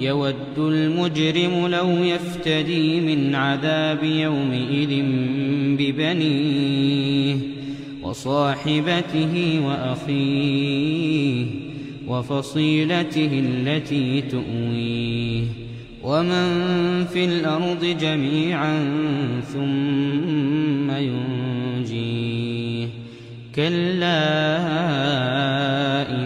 يود المجرم لو يفتدي من عذاب يومئذ ببنيه وصاحبته وأخيه وفصيلته التي تؤويه ومن في الأرض جميعا ثم ينجيه كلا إن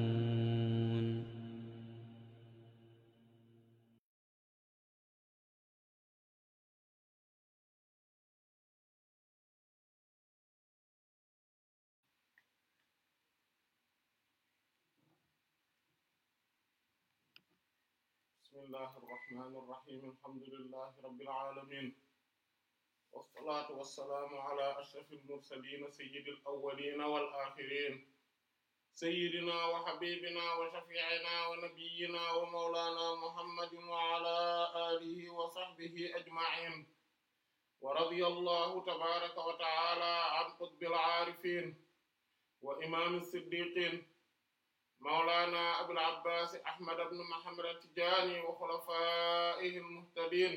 bismillahi irrahmani irrahim alhamdulillahi rabbil alamin wassalatu wassalaamu ala ashrafi almursalin sayyidi alawalina wal axirin sayyidina wa habibina wa shafi'ina wa nabiyyina wa mawlana muhammadin wa ala alihi wa sahbihi ajma'in wa radiyallahu tabaraka wa ta'ala an qutbil aarifin wa imam as-siddiqin mawlana abul abbas ahmad ibn muhammad at-tijani wa khulafaihi al-muhtadin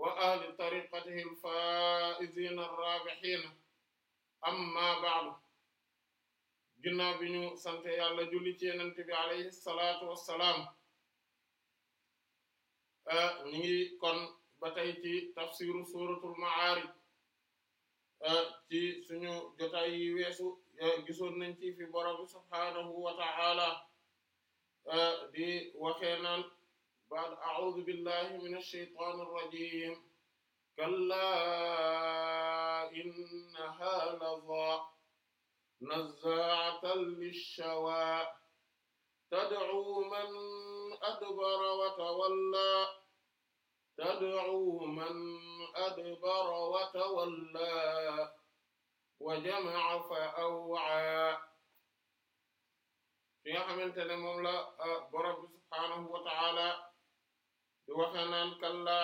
wa ahli tariqatihi al-faizin ar-rabihin amma ba'du ginnaaw bi ñu sante yàlla julli ci yonent bi alayhi salatu wassalaam ah, ñu ngi kon ba tey ci tafsiru suratul ma'arij ah, ci suñu jotaay yi weesu Eh, gisoon nañ ci fi borom bi subhaanahu wa ta'ala eh, di waxee naan baad a'uudu billahi min ash-shaytaani ar-rajiim kallaa innahaa lazaa nazzaa'atan lish-shawaa tad'uu man adbara wa tawallaa tad'uu man adbara wa tawallaa wa jamaa fa awwaa fi nga xamante ne moom la ah, borom bi subhaanahu wa ta'ala di waxe kalla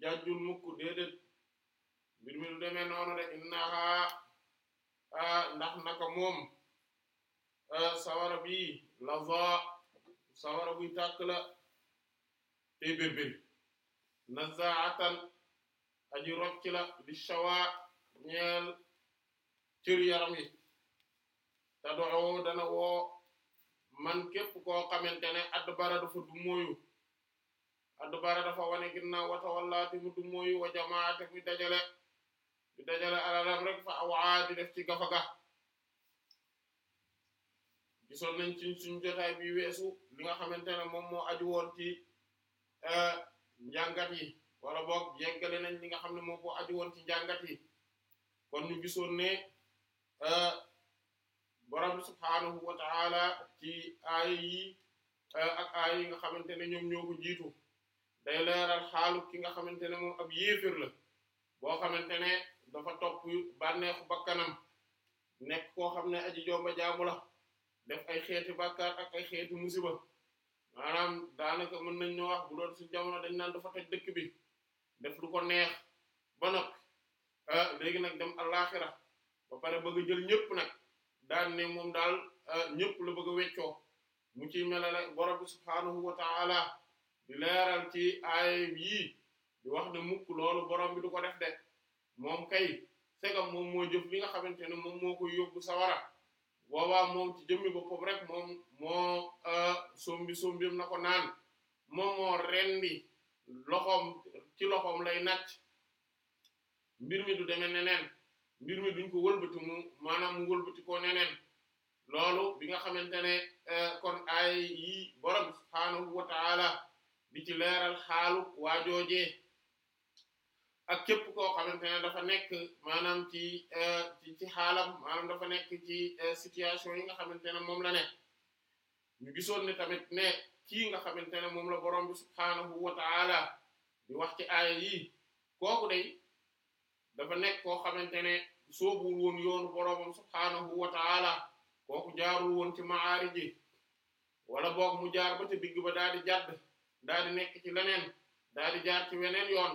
jajjul mukk déedéet mbir mi du demee noonu de innaha ah, ndax naka moom ah, sawara bi la za sawara buy tàkk la tey birbir nazaatan aji rocc di shawa ñeel cëru yaram yi te dana woo man képp koo xamante ne adbara dafa du mooyu adbara dafa wane ginnaaw wata wallaati mu du wa jamaate muy dajale di dajale alalam rek fa awaa di def ci gafaga gisoon nañ ci suñ jotaay bi weesu li nga xamante ne moom moo aju woon ci eh, njàngat yi wala boog yeggale nañ li nga xam ne moom moo aju woon ci njàngat yi kon ñu gisoon Euh, borom subhaanahu wa ta'ala ci aaya yi euh, ak aaya yi nga xamante ne ñoom ñoo ko jiitu day leeral xaalu ki nga xamante ne moom ab yéefir la boo xamante ne dafa topp bànneexu bakkanam nekk koo xam ne aji jomba jaamu la def ay xeeti bàkkaar ay xeeti musiba maanaam daanaka mën na ñoo wax bu doon jamono dañ naan dafa toj dëkk bi def lu ko neex ba noppi euh, léegi nag dem àllaaxira ba pare bëgg jël ñëpp nag daan ne moom daal ah, ñëpp la bëgg a weccoo mu ci melale borom bi subhaanahu wa di leeral ci aaya yii di wax ne mukk loolu borom bi du ko def de moom kay segam moom moo jëf li nga xamante ne moom moo koy yóbbu sawara boobaa moom ci jëmmi boppam rek moom moo ah, sombi sombim na ko naan moom moo rendi loxoom ci loxoom lay nàcc mbir mi du demee neneen mbir mi duñ ko wëlbati mu maanaam mu wëlbati ko neneen loolu bi nga xamante ne eh, kon ay yi borom subhaanahu wa taala di ci leeral xaalu waajoojee ak képp koo xamante ne dafa nekk maanaam ci eh, ci ci xaalam maanaam dafa nekk ci eh, situation yi nga xamante ne moom la ne ñu gisoon ne tamit ne kii nga xamante ne moom la borom bi subhaanahu wa taala di wax ci aaya yi kooku day dafa nekk koo xamante ne soobul woon yoonu boroomam subhaanahu wa taala kooku jaarul woon ci maari ji wala boog mu jaar ba ca digg ba daal di jàdd daal di nekk ci leneen daal di jaar ci weneen yoon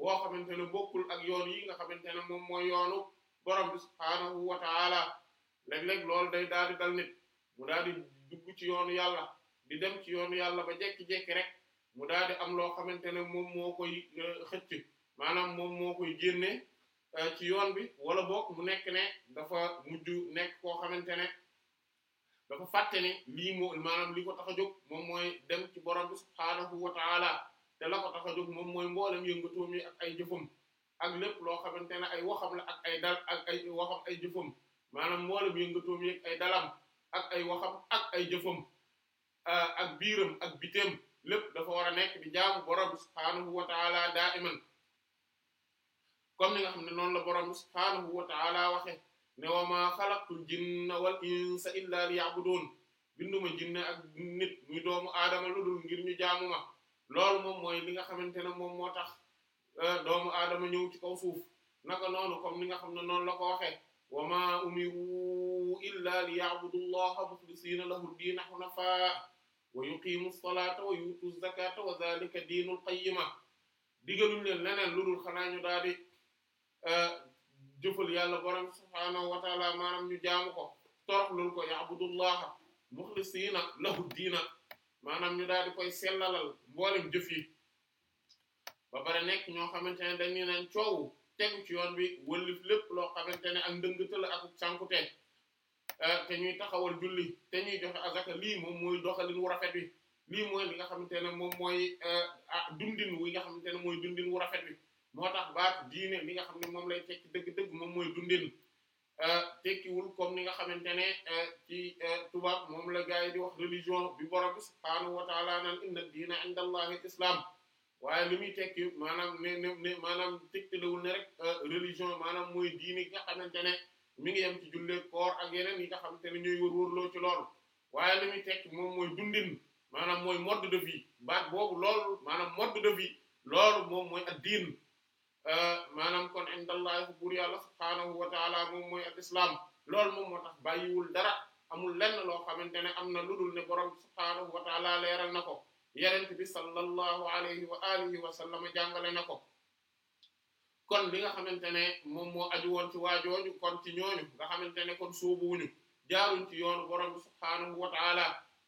woo xamante ne bokkul ak yoon yi nga xamante ne moom mooy yoonu borom bi subhaanahu wa taala léeg lool day daal di dal nit mu daal dugg ci yoonu yàlla di dem ci yoonu yàlla ba jekki-jekki rek mu daal am loo xamante ne moom moo koy euh, xëcc maanaam moom moo koy génne Euh, ci yoon bi wala boog mu nekk ne dafa mujj nekk koo xamante ne dafa fàtte ne lii moo maanaam li ko tax a jóg moom mooy dem ci borom bi subhaanahu wa taala la ko moom mooy mboolem yëngatoom ak ay jëfam ak lépp loo xamante ne ay waxam la ak ay dal ay waxam jëfam maanaam mboolem yëngatoom yi ak ay dalam ak ay waxam ak ay jëfam euh, ak biiram ak biteem lépp dafa war a nekk di jaamu borom bi subhaanahu wa taala comme ni nga xam ne noonu la borom bi wa ta'ala waxe ne wa maa xalaqtul jinna wal insa illa liya'budun binduma jinne ak nit muy doomu aadama lu dul ngir ñu jaamu lool loolu moom mooy li nga xamante ne moom moo tax euh, doomu aadama ñëw ci kaw suuf naka noonu comme ni nga xam ne noonu la ko waxe wa maa umiru illa liya'budu allaha muxlisina lahu diina xunafaa wa yuqimu salata wa yutu az wa dhalika diinul qayyima digaluñ leen leneen lu dul xanaa ñu daal di Euh, jëfal yàlla borom subhaanahu wa taala maanaam ñu jaamu ko toroxlul ko ya'budullaha muxlisiina lahu diina maanaam ñu daal di koy sellalal mboolem jëf yi ba pare nekk ñoo xamante ne dañu naan coow tegu ci yoon bi wëllif lépp loo xamante ne ak ndëngtala ak sànkute euh, te taxawal julli te ñuy joxe azaka lii moom mooy doxalin wu rafet wi lii mooy li nga xamante ne moom mooy euh, ah dundin wi nga xamante ne mooy dundin wu rafet bi moo tax baat diine li nga xam ne moom lay tekki dëgg-dëgg moom mooy dundin euh, tekkiwul comme ni nga xamante ne euh, ci euh, tubaab moom la gaa yi di wax religion bi borom bi subhaanahu wa taala naan inna diina inda allahi waaye li muy tekki maanaam ne ne maanaam tegtalewul ne rek religion maanaam mooy diine gi nga xamante ne mi ngi yem ci julle koor ak yeneen yi nga xamante ne ñooy wër-wërloo ci lool waaye li muy tekki moom mooy dundin maanaam mooy mod de vie baat boobu lool maanaam mode de vie loolu moom mooy ad diin Euh, maanaam kon indallahi fu buur yàlla subhaanahu wa taala moom mooy al islaam loolu moom moo tax bàyyiwul dara amul lenn loo xamante ne am na lu dul ne borom subhaanahu wa taala leeral na ko yenent bi sallallahu alayhi wa alihi wa sallam jàngale na ko kon li nga xamante ne moom moo aju woon ci waajooju kon ci ñooñu nga xamante ne kon sóobuwuñu jaaruñ ci yoonu borom bi subhaanahu wa taala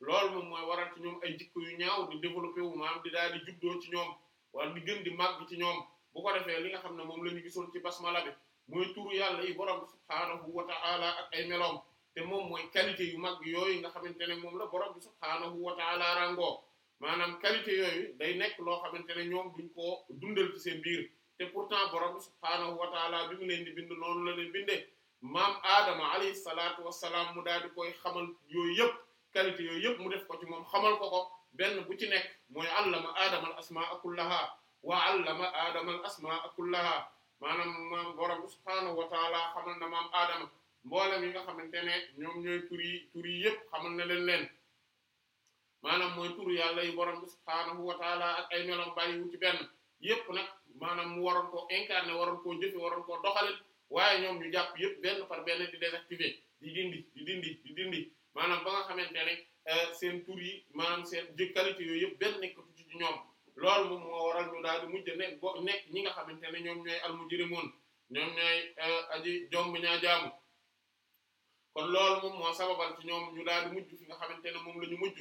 loolu moom mooy waral ci ñoom ay jikko ñaaw di développé wu maanaam di daal di juddoo ci ñoom wala di gën di ci ñoom bu ko defee li nga xam ne moom la ñu gisoon ci basmala bi mooy turu yàlla yi borom subhaanahu wa a ak ay meloom te moom mooy qualité yu mag yooyu nga xamante ne moom la borom bi subhaanahu wa ta'ala maanaam qualité yooyu day nekk loo xamante ne ñoom duñ koo dundal ci seen biir te pourtant borom bi subhaanahu wa ta'ala bi mu leen di bind noonu la leen bindee maam Adama alayhi salaatu wa salaam mu daal koy xamal yooyu yëpp qualité yooyu yëpp mu def ko ci moom xamal ko ko benn bu ci nekk mooy allama Adama al asmaa kullaha wa allama ma al asmaa kullaha maanaam maam borom subhaanahu wa taala xamal na maam aadama mboolem yi nga xamante ne ñoom ñooy tur yi tur yi yëpp xamal na leen leen maanaam mooy tur yàlla yi borom subhaanahu wa taala ay meloom bàyyi wu ci benn yëpp nag maanaam mu waroon koo incarné waroon koo jëfe waroon koo doxalin waaye ñoom ñu jàpp yëpp benn par benn di désactiver di dindi di dindi di dindi maanaam ba nga xamante ne euh, seen tur yi maanaam seen jë qualité yooyu yëpp benn nekkatu ci ñoom lool moom moo waral ñu daal di mujj nekk ñi nga xamante ne ñoom ñooy almujrimun ñoom ñooy euh, aji jomb ñaa jaamu kon lool moom moo sababal ci ñoom ñu daal di mujj fi nga xamante ne moom la ñu mujj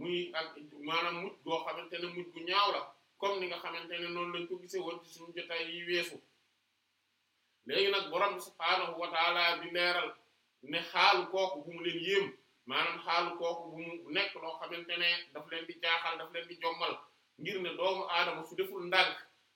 muy ak maanaam mujj boo xamante ne mujj bu ñaaw la comme ni nga xamante ne noonu lañ ko woon ci suñu weesu léegi nag borom bi subhaanahu bi leeral ne xaalu kooku bu mu leen bu mu nekk loo xamante ne daf leen di jaaxal daf leen di jommal ngir ne doomu aadama su deful ndànk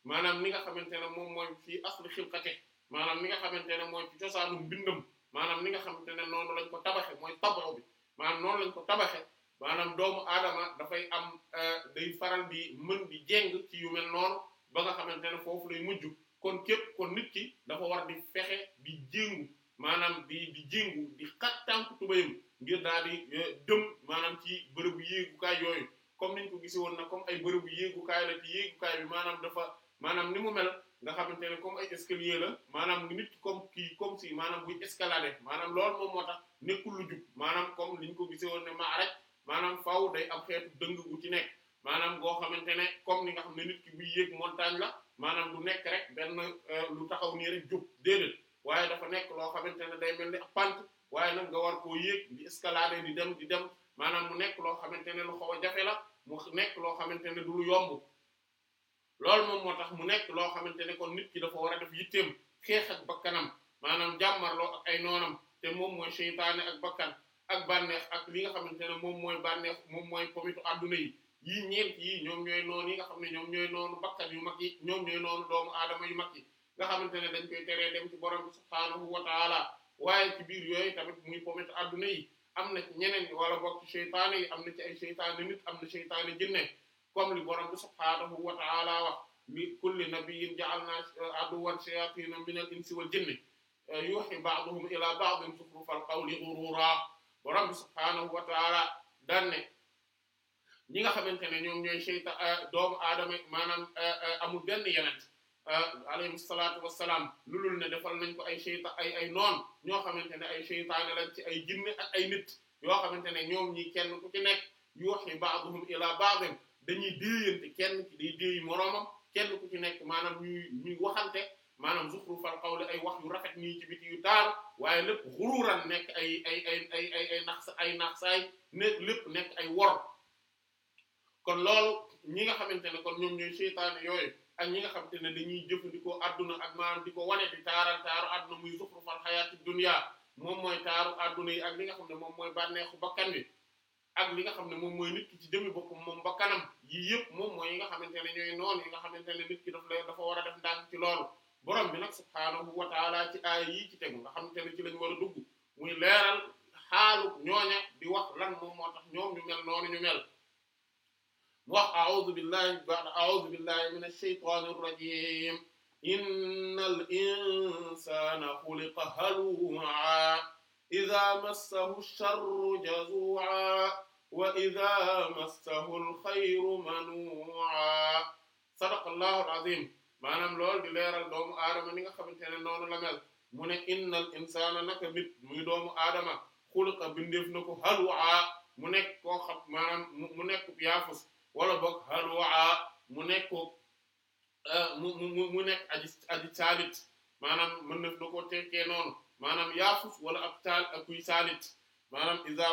maanaam ni nga xamante ne moom mooy fii aslu xilqate maanaam ni nga xamante ne mooy ci cosaanu mbindam maanaam ni nga xamante ne noonu lañ ko tabaxe mooy tabaxu bi noonu lañ ko tabaxe maanaam doomu aadama dafay am euh, day faral di mën bi jeng ci yu mel noonu ba nga xamante ne foofu lay mujj kon képp kon nit ki dafa war di fexe di jéngu maanaam bi di jéngu di xat tànk tubayam ngir daal di euh, dem maanaam ci bërëbu yéegukaay yooyu comme niñ ko gisi woon na comme ay bërëbu yéegukaay la ci yéegukaay maanaam dafa maanaam ni mu mel nga xamante ne comme ay escalier la maanaam nit comme kii comme si maanaam buy maanaam loolu moom moo tax nekkul lu jub maanaam comme liñ ko gisee woon ne maa rek maanaam faaw day am xeetu dëng gu ci nekk maanaam goo xamante ne comme ni nga xam ne nit ki buy yéeg montagne la maanaam du nekk rek benn euh, lu taxaw nii rek jub déedéet waaye dafa nekk loo xamante ne day mel ni ab waaye nag nga war koo yéeg di escalader di dem di dem maanaam mu nekk loo xamante ne lu xaw a jafe la. mu nekk loo xamante ne du yomb loolu moom moo tax mu nekk loo xamante ne kon nit ki dafa war a def yitteem xeex ak bakkanam maanaam jàmmarloo ay noonam te moom mooy seytaane ak bakkan ak banneex ak li nga xamante ne moom mooy bànneex moom mooy pomitu adduna yi yii ñeent yii ñoom ñooy noonu yi xam ne ñoom ñooy noonu bakkan yu mag yi ñoom ñooy noonu doomu aadama yu mag yi nga xamante ne dañ koy teree dem ci borom bi subhaanahu waaye ci biir yooyu tamit muy pomitu adduna yi am na ci ñeneen ñi wala bokk ci seytaane am na ci ay seytaane nit am na seytaane jinne comme li borom bi subhaanahu wa ta'ala wax li kulli nabiyyin ja'alna aduwwan shayatina min al wal jinni yuhi ba'duhum ila ba'din zukhrufal qawli ghurura borom bi subhaanahu wa ta'ala danne ñi nga xamante ne ñoom ñooy seyta doomu aadama maanaam amul benn yeneen Ah, alayhi salaatu wassalaam lulul ne defal nañ ko ay cheyta ay ay noon ñoo xamante ne ay cheytaane lañ ci ay jinne ak ay nit yoo xamante ne ñoom ñi kenn ku ci nekk yuuhi ba'duhum ilaa ba'din dañuy déeyante kenn ki day déeyi kenn ku ci nekk maanaam ñuy ñuy waxante maanaam zuxrufal qawli ay wax yu rafet nii ci biti yu taaru waaye lépp xuruuran nekk ay ay ay ay ay ay ay nax saay ne lépp nekk ay wor kon lool ñi nga xamante ne kon ñoom ñooy seytaane yooyu ak ñi nga xam te ne dañuy jëfandikoo adduna ak maanaam di ko wane di taaral taaru adduna muy zuxrufal xayaati dunya moom mooy taaru adduna yi ak li nga xam ne moom mooy bànneexu bakkan bi ak li nga xam ne moom mooy nit ki ci jëmi boppam moom bakkanam yi yëpp moom mooy yi nga xamante ne ñooy noonu nga xamante ne nit ki daf lay dafa war a def ndànk ci loolu borom bi nag subhaanahu wa taala ci aay yi ci tegu nga xamante ne ci lañu war a dugg muy leeral xaalu ñooña di wax lan moom moo tax ñoom ñu mel noonu ñu mel wax a'udhu billahi a'udhu billahi minash shaytanir rajim innal insana khuliqa halu'a idha massahu ash-sharru jazu'a wa idha massahu al-khayru manu'a sadaqallahu al-azim maanaam loolu di leeral doomu aadama ni nga xamante ne noonu la mel mu ne innal insana naka nit muy doomu aadama xuliqa bindeef na ko halu'a mu nekk koo xam maanaam mu nekk yaafus wala boog halwaa mu nekk ko euh, mu mu nekk aji aji saalit maanaam mën na da koo tekkee noonu maanaam yaafus wala ab taal akuy saalit maanaam iza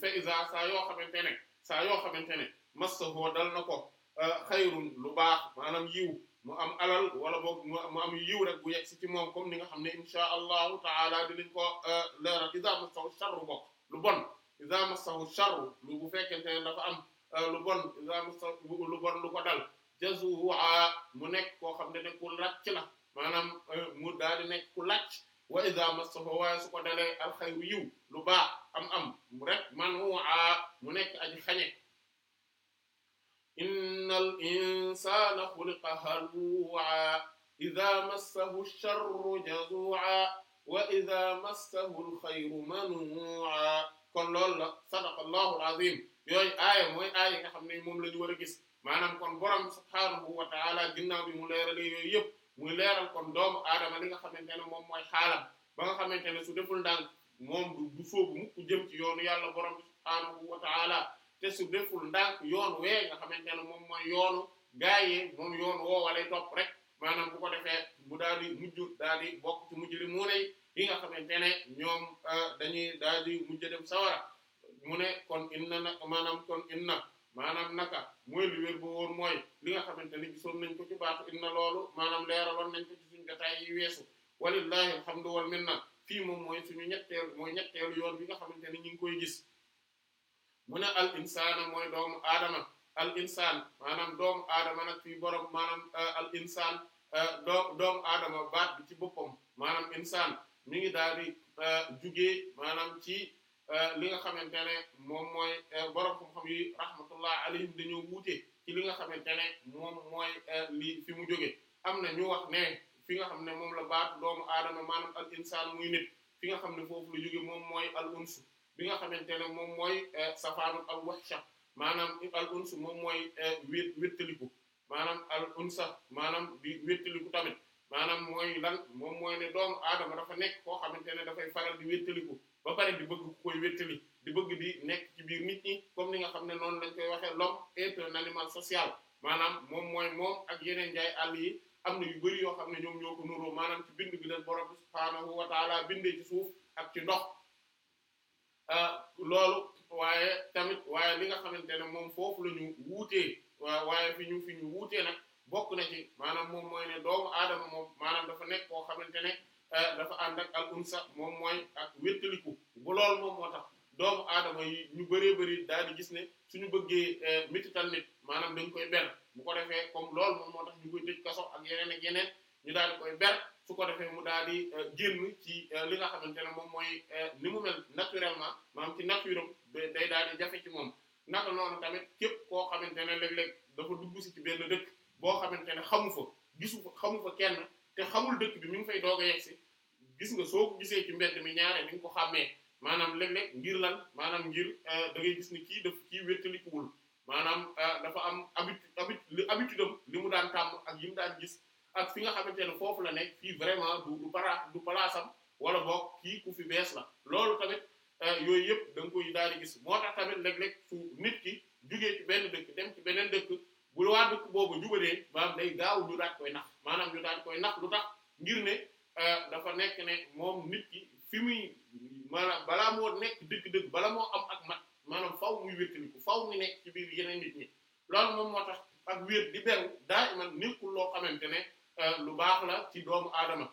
fe iza saa yoo xamante ne saa yoo xamante ne massahu dal na ko euh, xayrun lu baax maanaam yiw mu am alal wala boog mu am yiw rek bu yegg si ci moom comme ni nga xam ne insha allahu taala dinañ ko euh, leeral iza massahu sharru bokk lu bon iza massahu sharru lu bu fekkente ne dafa am Euh, lu bon lu bon lu ko dal jazuwa mu nekk koo xam ne ne ku làcc la maanaam euh, mu daal di nekk ku làcc wa idha massahu waaye su ko dalee alxayru yiw lu baax am am rek manua mu nekk aji xañe inna al insana xuliqa halwa idha massahu sharru jazua wa idha massahu alxayru manua kon loolu la sadaqallahul azim yooyu aaya mooy aaya yi nga xam ne moom la ñu war a gis maanaam kon borom subhaanahu wa ta'ala ginnaaw bi mu leeralee yooyu yëpp muy leeral kon doomu li nga xamante ne moom mooy xaalam ba nga xamante ne su deful ndànk moom yoonu yàlla borom subhaanahu wa te su deful yoon wee nga xamante moom mooy yoonu gaaye moom yoon woo walay rek maanaam bu defee bu daal di mujj daal bokk ci mujj mu ne yi nga xamante ne ñoom ah, dañuy daal di mujj dem sawara mu ne kon inna na maanaam kon inna maanaam naka mooy li wér bu wóor mooy li nga xamante ne gisoon nañ ko ci baatu inna loolu maanaam leeraloon nañ ko ci suñu jotaay yi weesu walillahi alhamdu wal na fii moom mooy suñu ñetteelu mooy ñetteelu yoon bi nga xamante ne ñu ngi koy gis mu ne al insaana mooy doomu aadama al insaan maanaam doomu aadama nag fii borom maanaam ah, al insaan ah, doo doomu aadama baat bi ci boppam maanaam insaan mi ngi daal di euh, jugee maanaam ci euh, li nga xamante ne moom mooy euh, borom xam-xam yi rahmatullah alayhim dañoo wuute ci li nga xamante ne moom mooy li fi mu jóge am na ñu wax ne fi nga xam ne moom la baat doomu aadama maanaam al insaan muy nit fi nga xam ne foofu la jóge moom mooy al unsu bi nga xamante ne moom mooy safaanu al wahsha maanaam al moom mooy wét wéttaliku maanaam al unsa maanaam di wéttaliku tamit maanaam mooy lan moom mooy ne doomu aadama dafa nekk koo xamante ne dafay faral di wéttaliku ba pare di bëgg ku koy wéttali di bëgg di nekk ci biir nit ñi comme ni nga xam ne noonu lañ koy waxee l'homme est un animal social maanaam moom mooy moom ak yeneen njaay àll yi am na yu bari yoo xam ne ñoom ñoo ko nuroo maanaam ci bind bi leen borom subhaanahu wa taala bindee ci suuf ak ci ndox ah, loolu waaye tamit waaye li nga xamante ne moom foofu la ñu wuutee waaye fi ñu fi ñu wuutee nag bokk na ci maanaam moom mooy ne doomu aadama moom maanaam dafa nekk koo xamante ne eh, dafa ànd ak al unsa moom mooy ak wéttaliku bu lool moom moo tax doomu aadama yi ñu bëree bëri daal di gis ne suñu bëggee eh, métital nit maanaam dañ koy ber bu ko defee comme loolu moom moo ñu koy tëj kaso ak yeneen ak yeneen ñu daal di koy ber su ko defee mu daal di eh, génn ci li nga xamante ne moom mooy ni mu mel naturellement maanaam ci nature day daal di jafe ci moom naka noonu tamit képp koo xamante ne léeg-léeg dafa dugg si ci benn dëkk boo xamante ne xamu fa gisu fa xamu fa kenn te xamul dëkk bi mi ngi fay doog a yegsi gis nga soo gisee ci mbedd mi ñaare ni nga ko xàmmee maanaam léeg-léeg ngir lan maanaam ngir euh, da ngay gis ni kii daf kii wéttalikuwul maanaam euh, dafa am habitude habitude habitude am li mu daan tàmm ak yi mu gis ak fi nga xamante ne foofu la nekk fii vraiment du du para palaasam wala boog kii ku bees la loolu tamit euh, yooyu yëpp da nga daal di gis moo tax tamit léeg-léeg fu nit ki jugee ci benn dëkk dem ci beneen dëkk bu la waa dëkk boobu jubalee maanaam day gaaw ñu daal koy nax maanaam ñu daal koy nax lu tax ngir ne euh, dafa nekk ne moom nit ki fi muy maanaam balaa moo nekk dëgg-dëgg bala moo am ak mat maanaam faw muy wéttaliku faw muy nekk ci biir yeneen nit ñi loolu moom moo tax ak wéet di beru daa iman nekkul loo xamante ne euh, lu baax la ci doomu aadama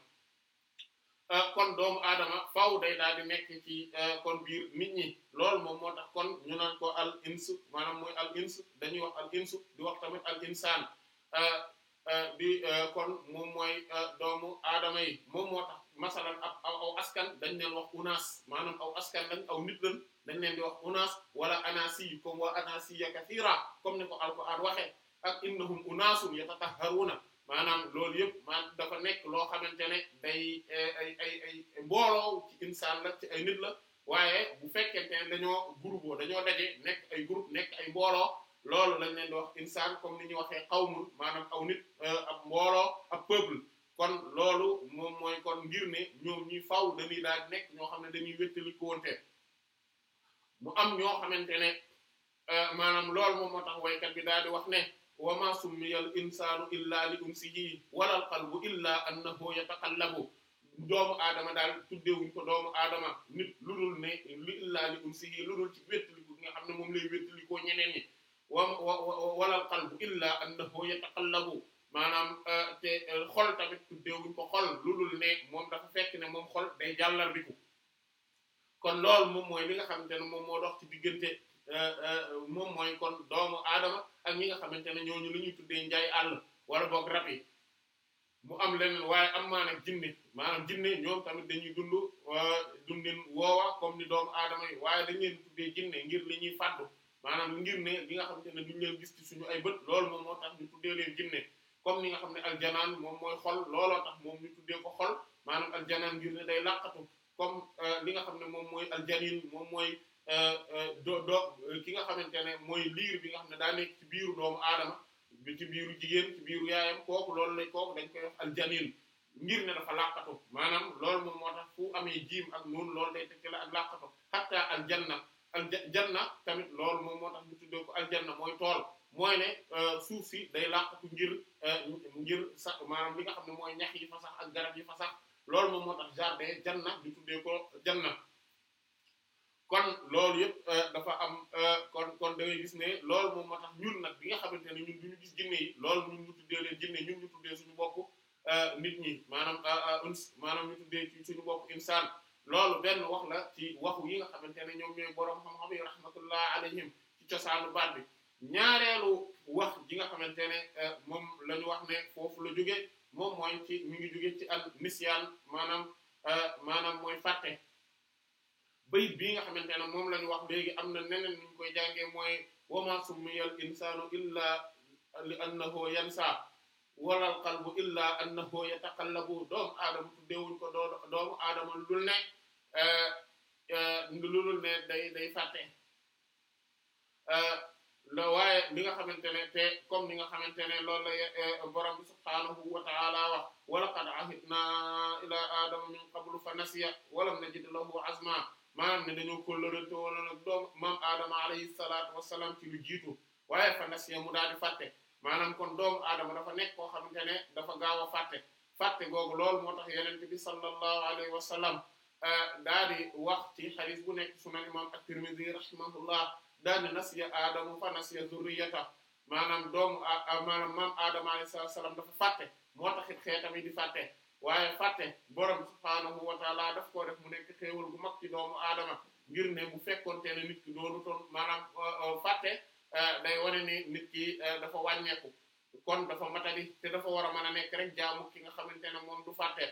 Euh, kon doomu aadama faaw day daal di nekk ci euh, kon biir nit ñi loolu moom moo tax kon ñu naan ko al insu maanaam mooy al insu dañuy wax al insu di wax tamit al insaan euh, di kon moom mooy doomu aadama yi moom moo tax masalan ab aw askan dañ leen wax unaas maanaam aw askan lañ aw nit lañ dañ leen di wax unaas wala anasi comme waa anasiya kathira comme ni ko alquran waxe ak innahum unaasun yatatahharuna maanaam loolu yëpp man dafa nekk loo xamante ne day eh, ay ay ay mbooloo ci insaan la ci ay nit la waaye bu fekkente ne dañoo groupe dañoo daje nekk ay groupe nekk ay mbooloo loolu lañ leen di wax insaan comme ni ñuy waxee xaw xawmun maanaam aw nit eh, ab mbooloo ab peuple kon loolu moom mooy kon ngir ne ñoom ñi faw dañuy daal nekk ñoo xam ne dañuy wéttali ko wonte mu am ñoo xamante ne eh, maanaam loolu moom moo tax waykat bi daal di wax ne wa ma summiyal insaanu illaa li umsihi walal qalbu illaa annahu yataqallabu doomu aadama daal tuddewuñ ko doomu aadama nit lu dul ne li illaa li umsihi lu dul ci wéttaliku nga xam ne moom lay wéttalikoo ñeneen ñi wa wa walal qalbu illaa annahu yataqallabu maanaam euh, te euh, xol tamit tuddewuñ ko xol lu dul ne moom dafa fekk ne moom xol day jàllarbiku kon loolu moom mooy li nga xamante ne moom moo dox ci diggante Euh, euh, moom mooy kon doomu aadama ak ñi nga xamante ne ñooñu lu ñuy tuddee njaay àll wala boog rab yi mu am leneen waaye am maa nag jinne maanaam jinne ñoom tamit dañuy dund euh, dundin woowa comme ni doomu aadama yi waaye dañ leen tuddee jinne ngir li ñuy fàddu maanaam ngir ne li nga xamante ne duñ leen gis ci suñu ay bët loolu moom moo tax ñu tuddee leen jinne comme ni nga xam ne aljanaan moom mooy xol looloo tax moom ñu tuddee ko xol maanaam aljanaan ngir ne day li nga xam ne moom mooy aljanin moom mooy Euh, euh, do doo ki nga xamante ne mooy liir bi nga xam ne daal nekk ci biiru doomu aadama bi ci biiru jigéen ci biiru yaayam kooku loolu la kooku dañ koy wax ngir ne dafa làqatu maanaam lool moom moo tax fu amee jiim ak noon loolu day tekki la ak làqatu hatta aljanna aljanna tamit loolu moo tax ñu tuddee ko aljanna euh, suuf si day làqatu ngir ngir sax maanaam li nga xam ne mooy ñax yi fa sax ak garab yi fa sax loolu moom moo tax jardin janna ñu tuddee ko janna kon loolu yëpp euh, dafa am euh, kon kon da ngay gis ne loolu moom moo tax ñun nag bi nga xamante ne ñun ñu gis jinne yi loolu ñun ñu tuddee leen tuddee suñu bopp euh, nit ñi maanaam uns maanaam ñu tuddee ci suñu bopp insaan loolu benn wax la ci waxu yi nga xamante ne ñoom ñooy borom xam-xam yi rahmatullah alayhim ñaareelu wax ji nga xamante ne moom la wax ne foofu la jóge moom mooy ci mi ngi jóge ci al nisyaan maanaam maanaam mooy fàtte bayit bii nga xamante ne moom la wax léegi am na neneen ñu koy jàngee mooy wama summiyal insanu illa li annahu yansa walal qalbu illa annahu yataqallabu doomu aadama tuddewuñ ko doo doomu aadama lu dul ne eh, eh, lu dul ne day day fàtte eh, la waaye li nga xamante ne te comme ni nga xamante ne loolu la borom bi subhaanahu wa ta'ala wax wa laqad ila aadama min qablu fa nasiya walam najid lahu azma maanaam ne dañoo kóllërante wala nag doom maam Adama alayhi salaatu wa salaam ci lu jiitu waaye fa nasiya mu daal di fàtte maanaam kon doomu Adama dafa nekk koo xamante ne dafa gaaw a fàtte fàtte googu loolu moo tax yonent bi sallallahu alayhi wa sallam euh, daal di wax ci xadis bu nekk sunan imam at-Tirmidhi rahimahullah daal di nasiya Adama fa nasiya zurriyata maanaam doomu euh, maanaam maam Adama alayhi salaam dafa fàtte moo tax it di fàtte. waaye fàtte borom subhaanahu wa taala daf koo def mu nekk xéewal gu mag ki doomu aadama ngir ne bu fekkoon ne nit ki doonu toon maanaam euh, euh, fàtte euh, day wane ni nit dafa wàññeeku kon dafa matadi te dafa war a mën a nekk rek jaamu ki nga xamante ne moom du fàtte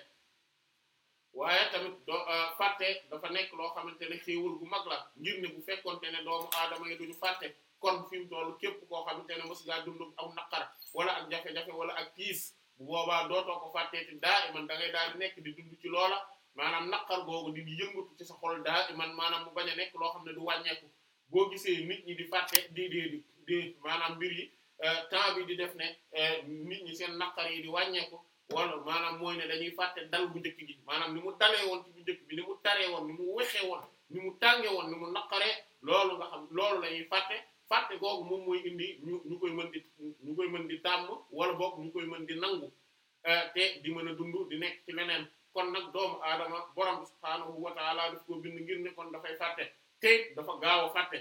waaye tamit doo fàtte dafa nekk loo xamante ne xéewal gu mag la ngir ne bu fekkoonte ne doomu aadama yi duñu fàtte kon fi mu toll képp koo xamante ne mos ngaa dund aw naqar wala ak jafe-jafe wala ak tiis bu boobaa dootoo ko fàtteeti daa iman da ngay daal di nekk di dugg ci loola maanaam naqar googu di yëngatu ci sa xol daa man maanaam mu bañ a nekk loo xam ne du wàññeeku boo gisee nit ñi di fàtte di di di maanaam mbir yi euh, temps bi di def ne euh, nit ñi seen naqar yi di wàññeeku wala maanaam mooy ne dañuy fàtte dal bu njëkk gi maanaam ni mu dalee woon ci bu njëkk bi ni mu taree woon ni mu wexee woon ni mu tàngee woon ni mu naqaree loolu nga xam loolu la ñuy fàtte fàtte googu moom mooy indi ñu ñu koy mën di ñu koy mën di tàmm wala boog ñu koy mën di nangu eh, te di mën a dund di nekk ci leneen kon nag doomu aadama borom subhaanahu wa taala daf koo bind ngir ne kon dafay fàtte te dafa gaaw a fàtte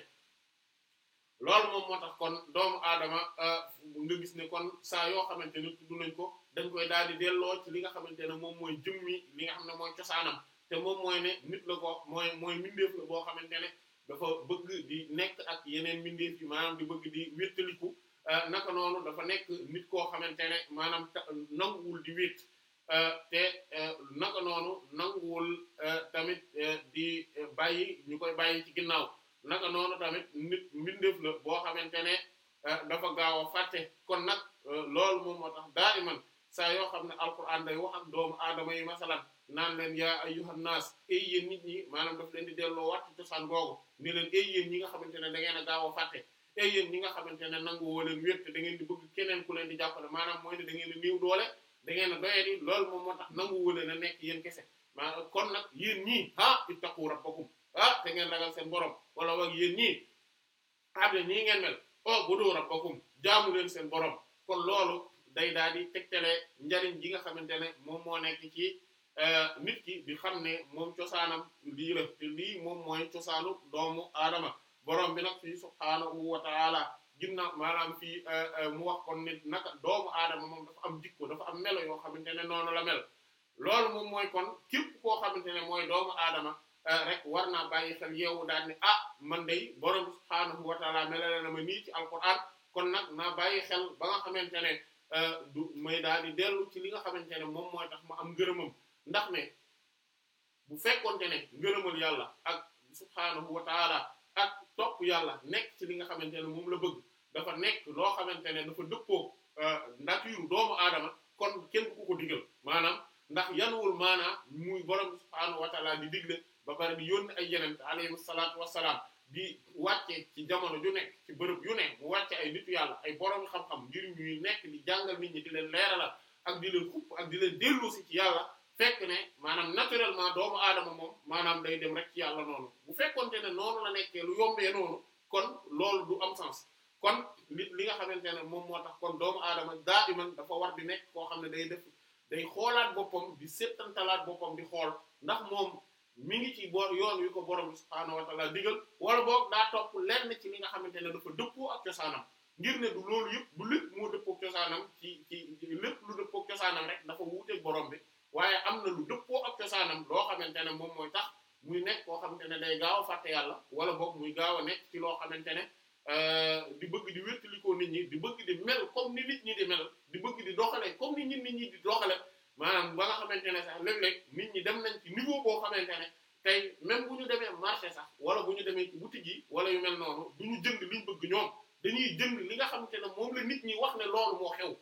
loolu moom moo tax kon doomu aadama eh, nga gis ne kon saa yoo xamante ne tudd nañ ko dañ koy daal di delloo ci li nga xamante ne moom mooy wi li nga xam ne mooy cosaanam te moom mooy ne nit la ko mooy mooy mbindeef boo xamante ne dafa bëgg di nekk ak yeneen mbindeef yi maanaam di bëgg di wéttaliku euh, naka noonu dafa nekk nit koo xamante ne maanaam nanguwul di wét euh, te euh, naka noonu nanguwul tamit di bàyyi ñu koy bàyyi ci ginnaaw naka noonu tamit nit mbindeef la boo xamante ne dafa gaaw a fàtte kon nag loolu moom moo tax daa iman saa yoo xam ne alquran day wax ak doomu aadama yi masalan naan leen yaa ayyuhan naas ay yéen ñi maanaam daf leen di delloo wattu cosaan googu ni leen ay yéen ñi nga xamante ne da ngeen a gaaw a fàtte ay ñi nga xamante ne nangu woo leen wéet da ngeen di bëgg keneen ku leen di jàppale maanaam mooy ne da ngeen di doole da ngeen a doyee di loolu moom moo tax nangu woo leen a nekk yéen kese maanaam kon nag yéen ñii ah ittaqu rabbakum ah te ngeen ragal seen borom wala wag yéen ñii abda ah, nii ngeen mel oh budu rabbakum jaamu seen borom day daal di tegtale njariñ gi nga xamante ne moom moo nekk ci euh, nit ki di xam ne moom cosaanam lii la moom mooy cosaanu doomu aadama borom bi fi fii subhaanahu wa taala ginnaaw maanaam fii euh, euh, mu wax kon nit naka doomu aadama moom dafa am jikko dafa am melo yoo xamante ne noonu la mel lool moom mooy kon képp koo xamante ne mooy doomu aadama rek war naa bàyyi xel yeewu daal ne a ah, man day borom bi subhaanahu wa taala melale na ma nii ci alquran kon nag naa bàyyi xel ba nga xamante Euh, du may daal di dellu ci li nga xamante ne moom moo tax ma am ngërëmam ndax ne bu fekkonte ne ngërëmal yàlla ak subhaanahu wa taala ak topp yàlla nekk ci li nga xamante ne moom la bëgg dafa nekk loo xamante ne dafa dëppoo euh, nature doomu aadama kon kenn ku ko digal maanaam ndax yanuwul maanaam muy borom subhaanahu wa taala di digle ba pare di yónni ay yeneen alayhi salaatu wassalaam di wàcce ci jamono ju nekk ci bërëb yu nekk mu wàcce ay nitu yàlla ay borom xam-xam ngir ñuy nekk di jàngal nit ñi di leen leeralal ak di leen xupp ak di leen lu si ci yàlla fekk ne maanaam naturellement doomu aadama moom maanaam day dem rek ci yàlla noonu bu fekkonte ne noonu la nekkee lu yombee noonu kon lool du am sens kon nit li nga xamante ne moom moo tax kon doomu aadama daa iman dafa war di nekk koo xam ne day def day xoolaat boppam di settantalaat boppam di xool mi ngi ci boor yoon wi ko borom subhaanahu wa ta'ala digal wala boog daa topp lenn ci li nga xamante ne dafa dëppoo ak cosaanam ngir ne du loolu yëpp du lépp moo dëppoo ak cosaanam ci ci lépp lu dëppoo ak rek dafa wuuteeg borom bi waaye am na lu dëppoo ak cosaanam loo xamante ne moom mooy tax muy nekk koo xamante ne day gaaw a fàtte yàlla wala boog muy gaaw a nekk ci loo xamante ne euh, di bëgg di wéttalikoo nit ñi di bëgg di mel comme ni nit ñi di mel di bëgg di doxale comme ni nit ñi di doxale maanaam ba nga xamante ne sax léeg-léeg nit ñi dem nañ xamante ne tey même bu ñu demee marché sax wala bu ñu demee ci boutique yi wala yu mel noonu du ñu jënd liñ bëgg ñoom dañuy jënd li nga xamante ne moom nit ñi wax ne loolu moo xew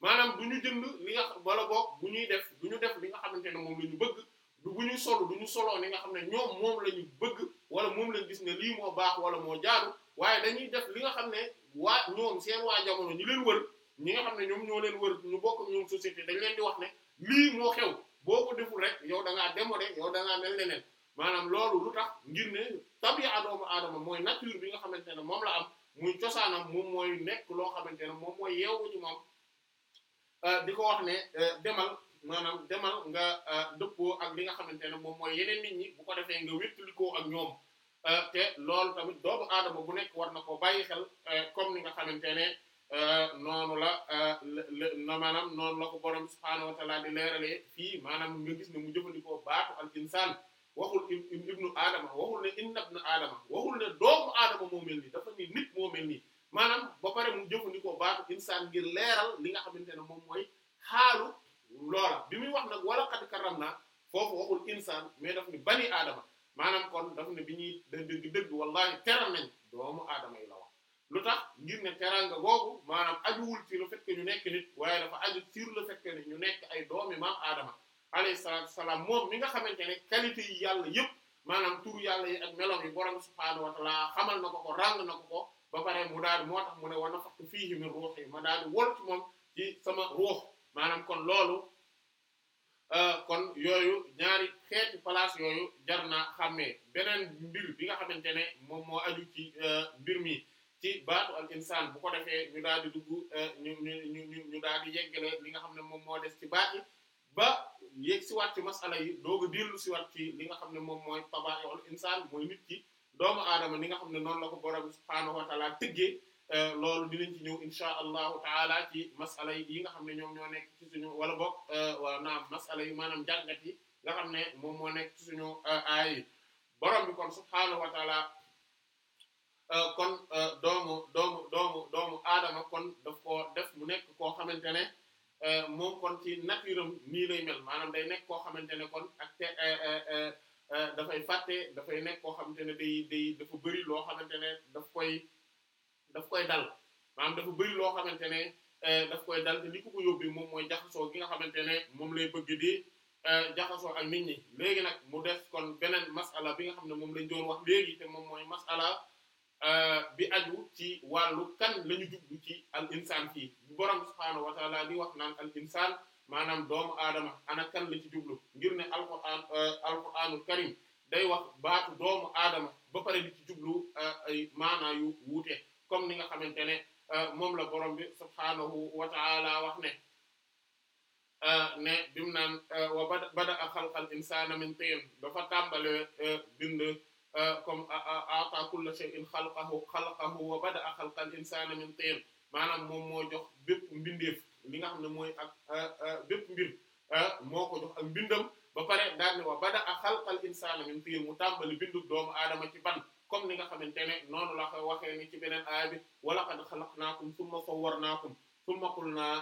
maanaam du ñu jënd li wala boog bu ñuy def du ñu def li nga xamante ne moom ñu bëgg du bu ñuy solo ñu soloo li nga xam ne ñoom moom la bëgg wala moom lañ gis ne lii moo baax moo jaadu waaye dañuy def li nga xam ne waa ñoom seen waa jamono ñi leen wër ñi nga xam ne ñoom ñoo leen wër ñu bokk ñoom société dañ leen di wax ne lii moo xew boo ko deful rek yow da ngaa démodé yow da ngaa mel neneen maanaam loolu lu tax ngir ne tabi'a doomu aadama mooy nature bi nga xamante ne moom la am muy cosaanam moom mooy nekk loo xamante ne moom mooy yeewu ci moom euh, di ko wax ne euh, demal maanaam demal nga euh, dëppoo ak li nga xamante ne moom mooy yeneen nit ñi bu ko defee nga wéttalikoo ak ñoom te loolu tamit doomu aadama bu nekk war na ko bàyyi xel comme ni nga xamante ne Euh, noonu la euh, la maanaam noonu la ko borom subhaanahu wa ta'aala di fii maanaam nga gis ne mu jëfandikoo baatu al insaan waxul ibnu aadama waxul ne inna ibnu aadama waxul ne doomu aadama moo dafa ni nii maanaam ba pare mu jëfandikoo baatu insaan ngir leeral li nga xamante ne moom mooy xaalu loola bi muy wax nag wala qad karramnaa foofu waxul insaan mais dafa ni bani aadama maanaam kon dafa ne bi ñuy dëgg dëgg wallahi teral nañ doomu aadama yi lu tax ngir ne teraanga googu maanaam ajuwul ci le fait que ñu nekk nit waaye dafa aju sur le fait que ñu nekk ay doomi maam aadama alayhi salaam moom mi nga xamante ne qualité yi yàlla yëpp maanaam tur yàlla yi ak meloom yi borom subhaanahu wa taala xamal na ko ko ràng na ko ko ba pare mu daal moo tax mu ne wa ko fiihi min ruuhi ma daal di wol moom ci sama ruux maanaam kon loolu euh, kon yooyu ñaari xeeti place yooyu jar na xàmmee beneen mbir bi nga xamante ne moom moo aju ci euh, mbir mi ci baatu al insaan bu ko defee ñu daal di dugg euh, ñu ñu ñu ñu daal di yeggale li nga xam ne moom moo des ci baat ba yegg si waat ci masala yi doog dellu si waat li nga xam ne moom mooy tabaa'ul insaan mooy nit ki doomu aadama li nga xam ne noonu la ko borom subhaanahu wa taala tëggee euh, loolu dinañ ci ñëw insha allahu taala ci masala yi yi nga xam ne ñoom ñoo nekk ci suñu wala boog euh, wala naam masala yi maanaam jàngat yi nga xam ne moom moo nekk suñu aay yi kon subhaanahu wa Euh, kon euh, doomu doomu doomu doomu aadama kon daf koo def mu nekk koo xamante ne euh, moom kon ci nature am nii lay mel maanaam day nekk koo xamante ne kon ak te dafay fàtte dafay nekk koo xamante ne day day dafa bëri loo xamante ne daf koy daf koy dal maanaam dafa bëri loo xamante ne daf koy dal te li ko ko yóbbee moom mooy jaxasoo ki nga xamante ne moom lay bëgg di jaxasoo ak nit ñi léegi nag mu def kon beneen masala bi nga xam ne moom lañ doon wax léegi te moom mooy masala Euh, bi aju ci wàllu kan la ñu jublu ci al insaan fii borom subhaanahu wa di wax naan al insaan maanaam doomu aadama ana kan la ci jublu ngir ne alquran euh, alquranul karim day wax baatu doomu aadama ba pare ci jublu euh, ay maanaa yu wuute comme ni nga xamante ne moom la borom bi subhaanahu wa taala wax ne ne bim naan wa bada bada a xalqal insaana min tiin dafa tàmbale bind Euh, comme a'ta kulla shay'in xalqahu xalqahu wa bada'a xalqal insani min tin maanaam moom moo jox bépp mbindeef li nga xam ne mooy ak euh, euh, bépp mbir moo jox ak mbindam ba pare daal ne wa bada'a xalqal insani min tin mu tàmbali bindu doom aadama ci ban comme ni nga xamante ne noonu la ko waxee ni ci beneen aaya wala wa laqad xalaqnaakum summa sawwarnaakum summa qulnaa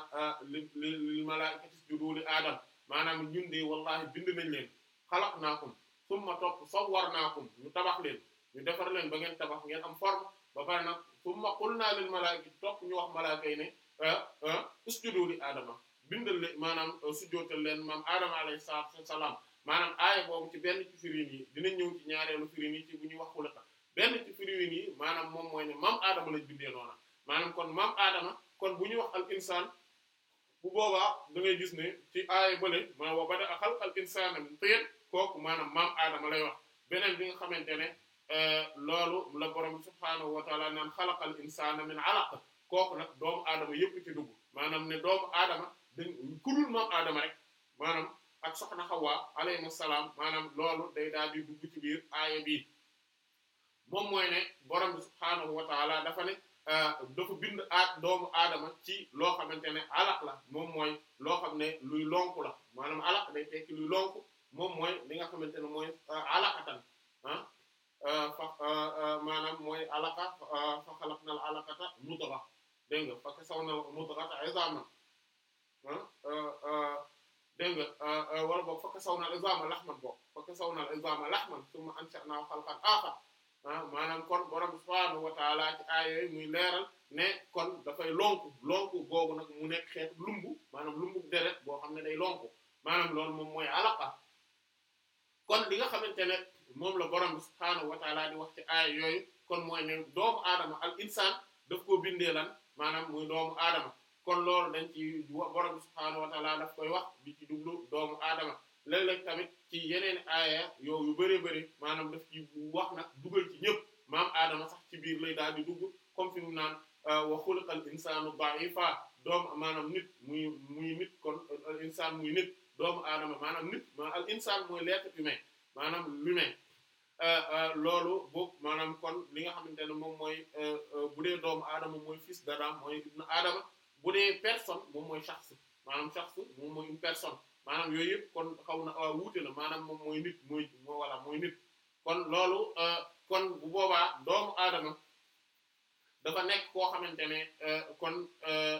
lil malaa'ikati isjudu li aadam maanaam ñun de wallahi bind nañ leen xalaqnaakum summa topp sawwarnaakum ñu tabax leen ñu defar leen ba ngeen tabax ngeen am forme ba pare nag naa qulnaa lil malaa'ika topp ñu wax malaaka yi ne ah, ah, usjudu li aadama bindal leen maanaam ah, sujjootal leen maam aadama alayhi salaatu salaam maanaam aaya boobu benn ci firin dinañ ñëw ci ñaareelu firin yi ci bu ñuy benn ci maanaam moom mooy ne aadama lañ bindee noona maanaam kon maam aadama kon bu ñu wax al insaan bu boobaa da ngay gis ne ci aaya bële ma wa bada a xalqal insaana min tiin kooku maanaam maam aadama lay beneen bi nga xamante ne euh, loolu la borom subhaanahu wa taala naan xalaqal insaana min alaq kooku nag doomu aadama yëpp ci dugg maanaam ne doomu aadama dañ kudul maam aadama rek maanaam ak soxna Hawa alayhi salaam maanaam loolu day daal di dugg ci biir aaya bii moom mooy ne borom subhaanahu wa dafa ne Euh, dafa bind aat aadama ci loo xamante ne alaq la moom mooy loo xam ne luy lonku la maanaam alaq day tekki luy lonku moom mooy li nga xamante ne mooy euh, alaqatan ah euh, maanaam mooy alaqa fa xalaqna al alaqata mudra dégg nga fa kasawna al mudrata izama ah dégg nga wala boog fa kasawna al izama laxman boog fa kasawna al izama laxman summa ansha'nahu xalqan axar ah maanaam kon borom subhaanahu wa taala ci aaya yooyu muy leeral ne kon dafay lonku lonku googu nag mu nekk xeet lumbu maanaam lumbu boo xam ne day lonku maanaam loolu moom mooy alaqa kon li nga xamante ne moom la borom subhaanahu wa di wax ci aaya yooyu kon mooy ne doomu aadama al insaan daf koo bindee lan maanaam muy doomu aadama kon loolu dañ ci borom subhaanahu wa daf koy wax bi ci duglu doomu aadama léeg-léeg tamit ci yeneen aaya yow yu bëree bëri maanaam def ci wax nag dugal ci ñëpp maam aadama sax ci biir lay daal di dugg comme fi mu naan euh, wa xuliqal insaanu da'ifa doomu maanaam nit muy muy nit kon al muy nit doomu aadama maanaam nit ma al insaan mooy l'être humain maanaam l'humain euh, euh, loolu boobu maanaam kon li nga xamante ne moom mooy bu dee doomu aadama mooy fils d'Adam mooy aadama bu dee personne moom mooy shakhs maanaam shakhs moom mooy une personne maanaam yooyu yëpp kon xaw na wuute la moom mooy nit mooy moo wala mooy nit kon loolu euh, kon bu boobaa doomu aadama dafa nekk koo xamante ne euh, kon euh,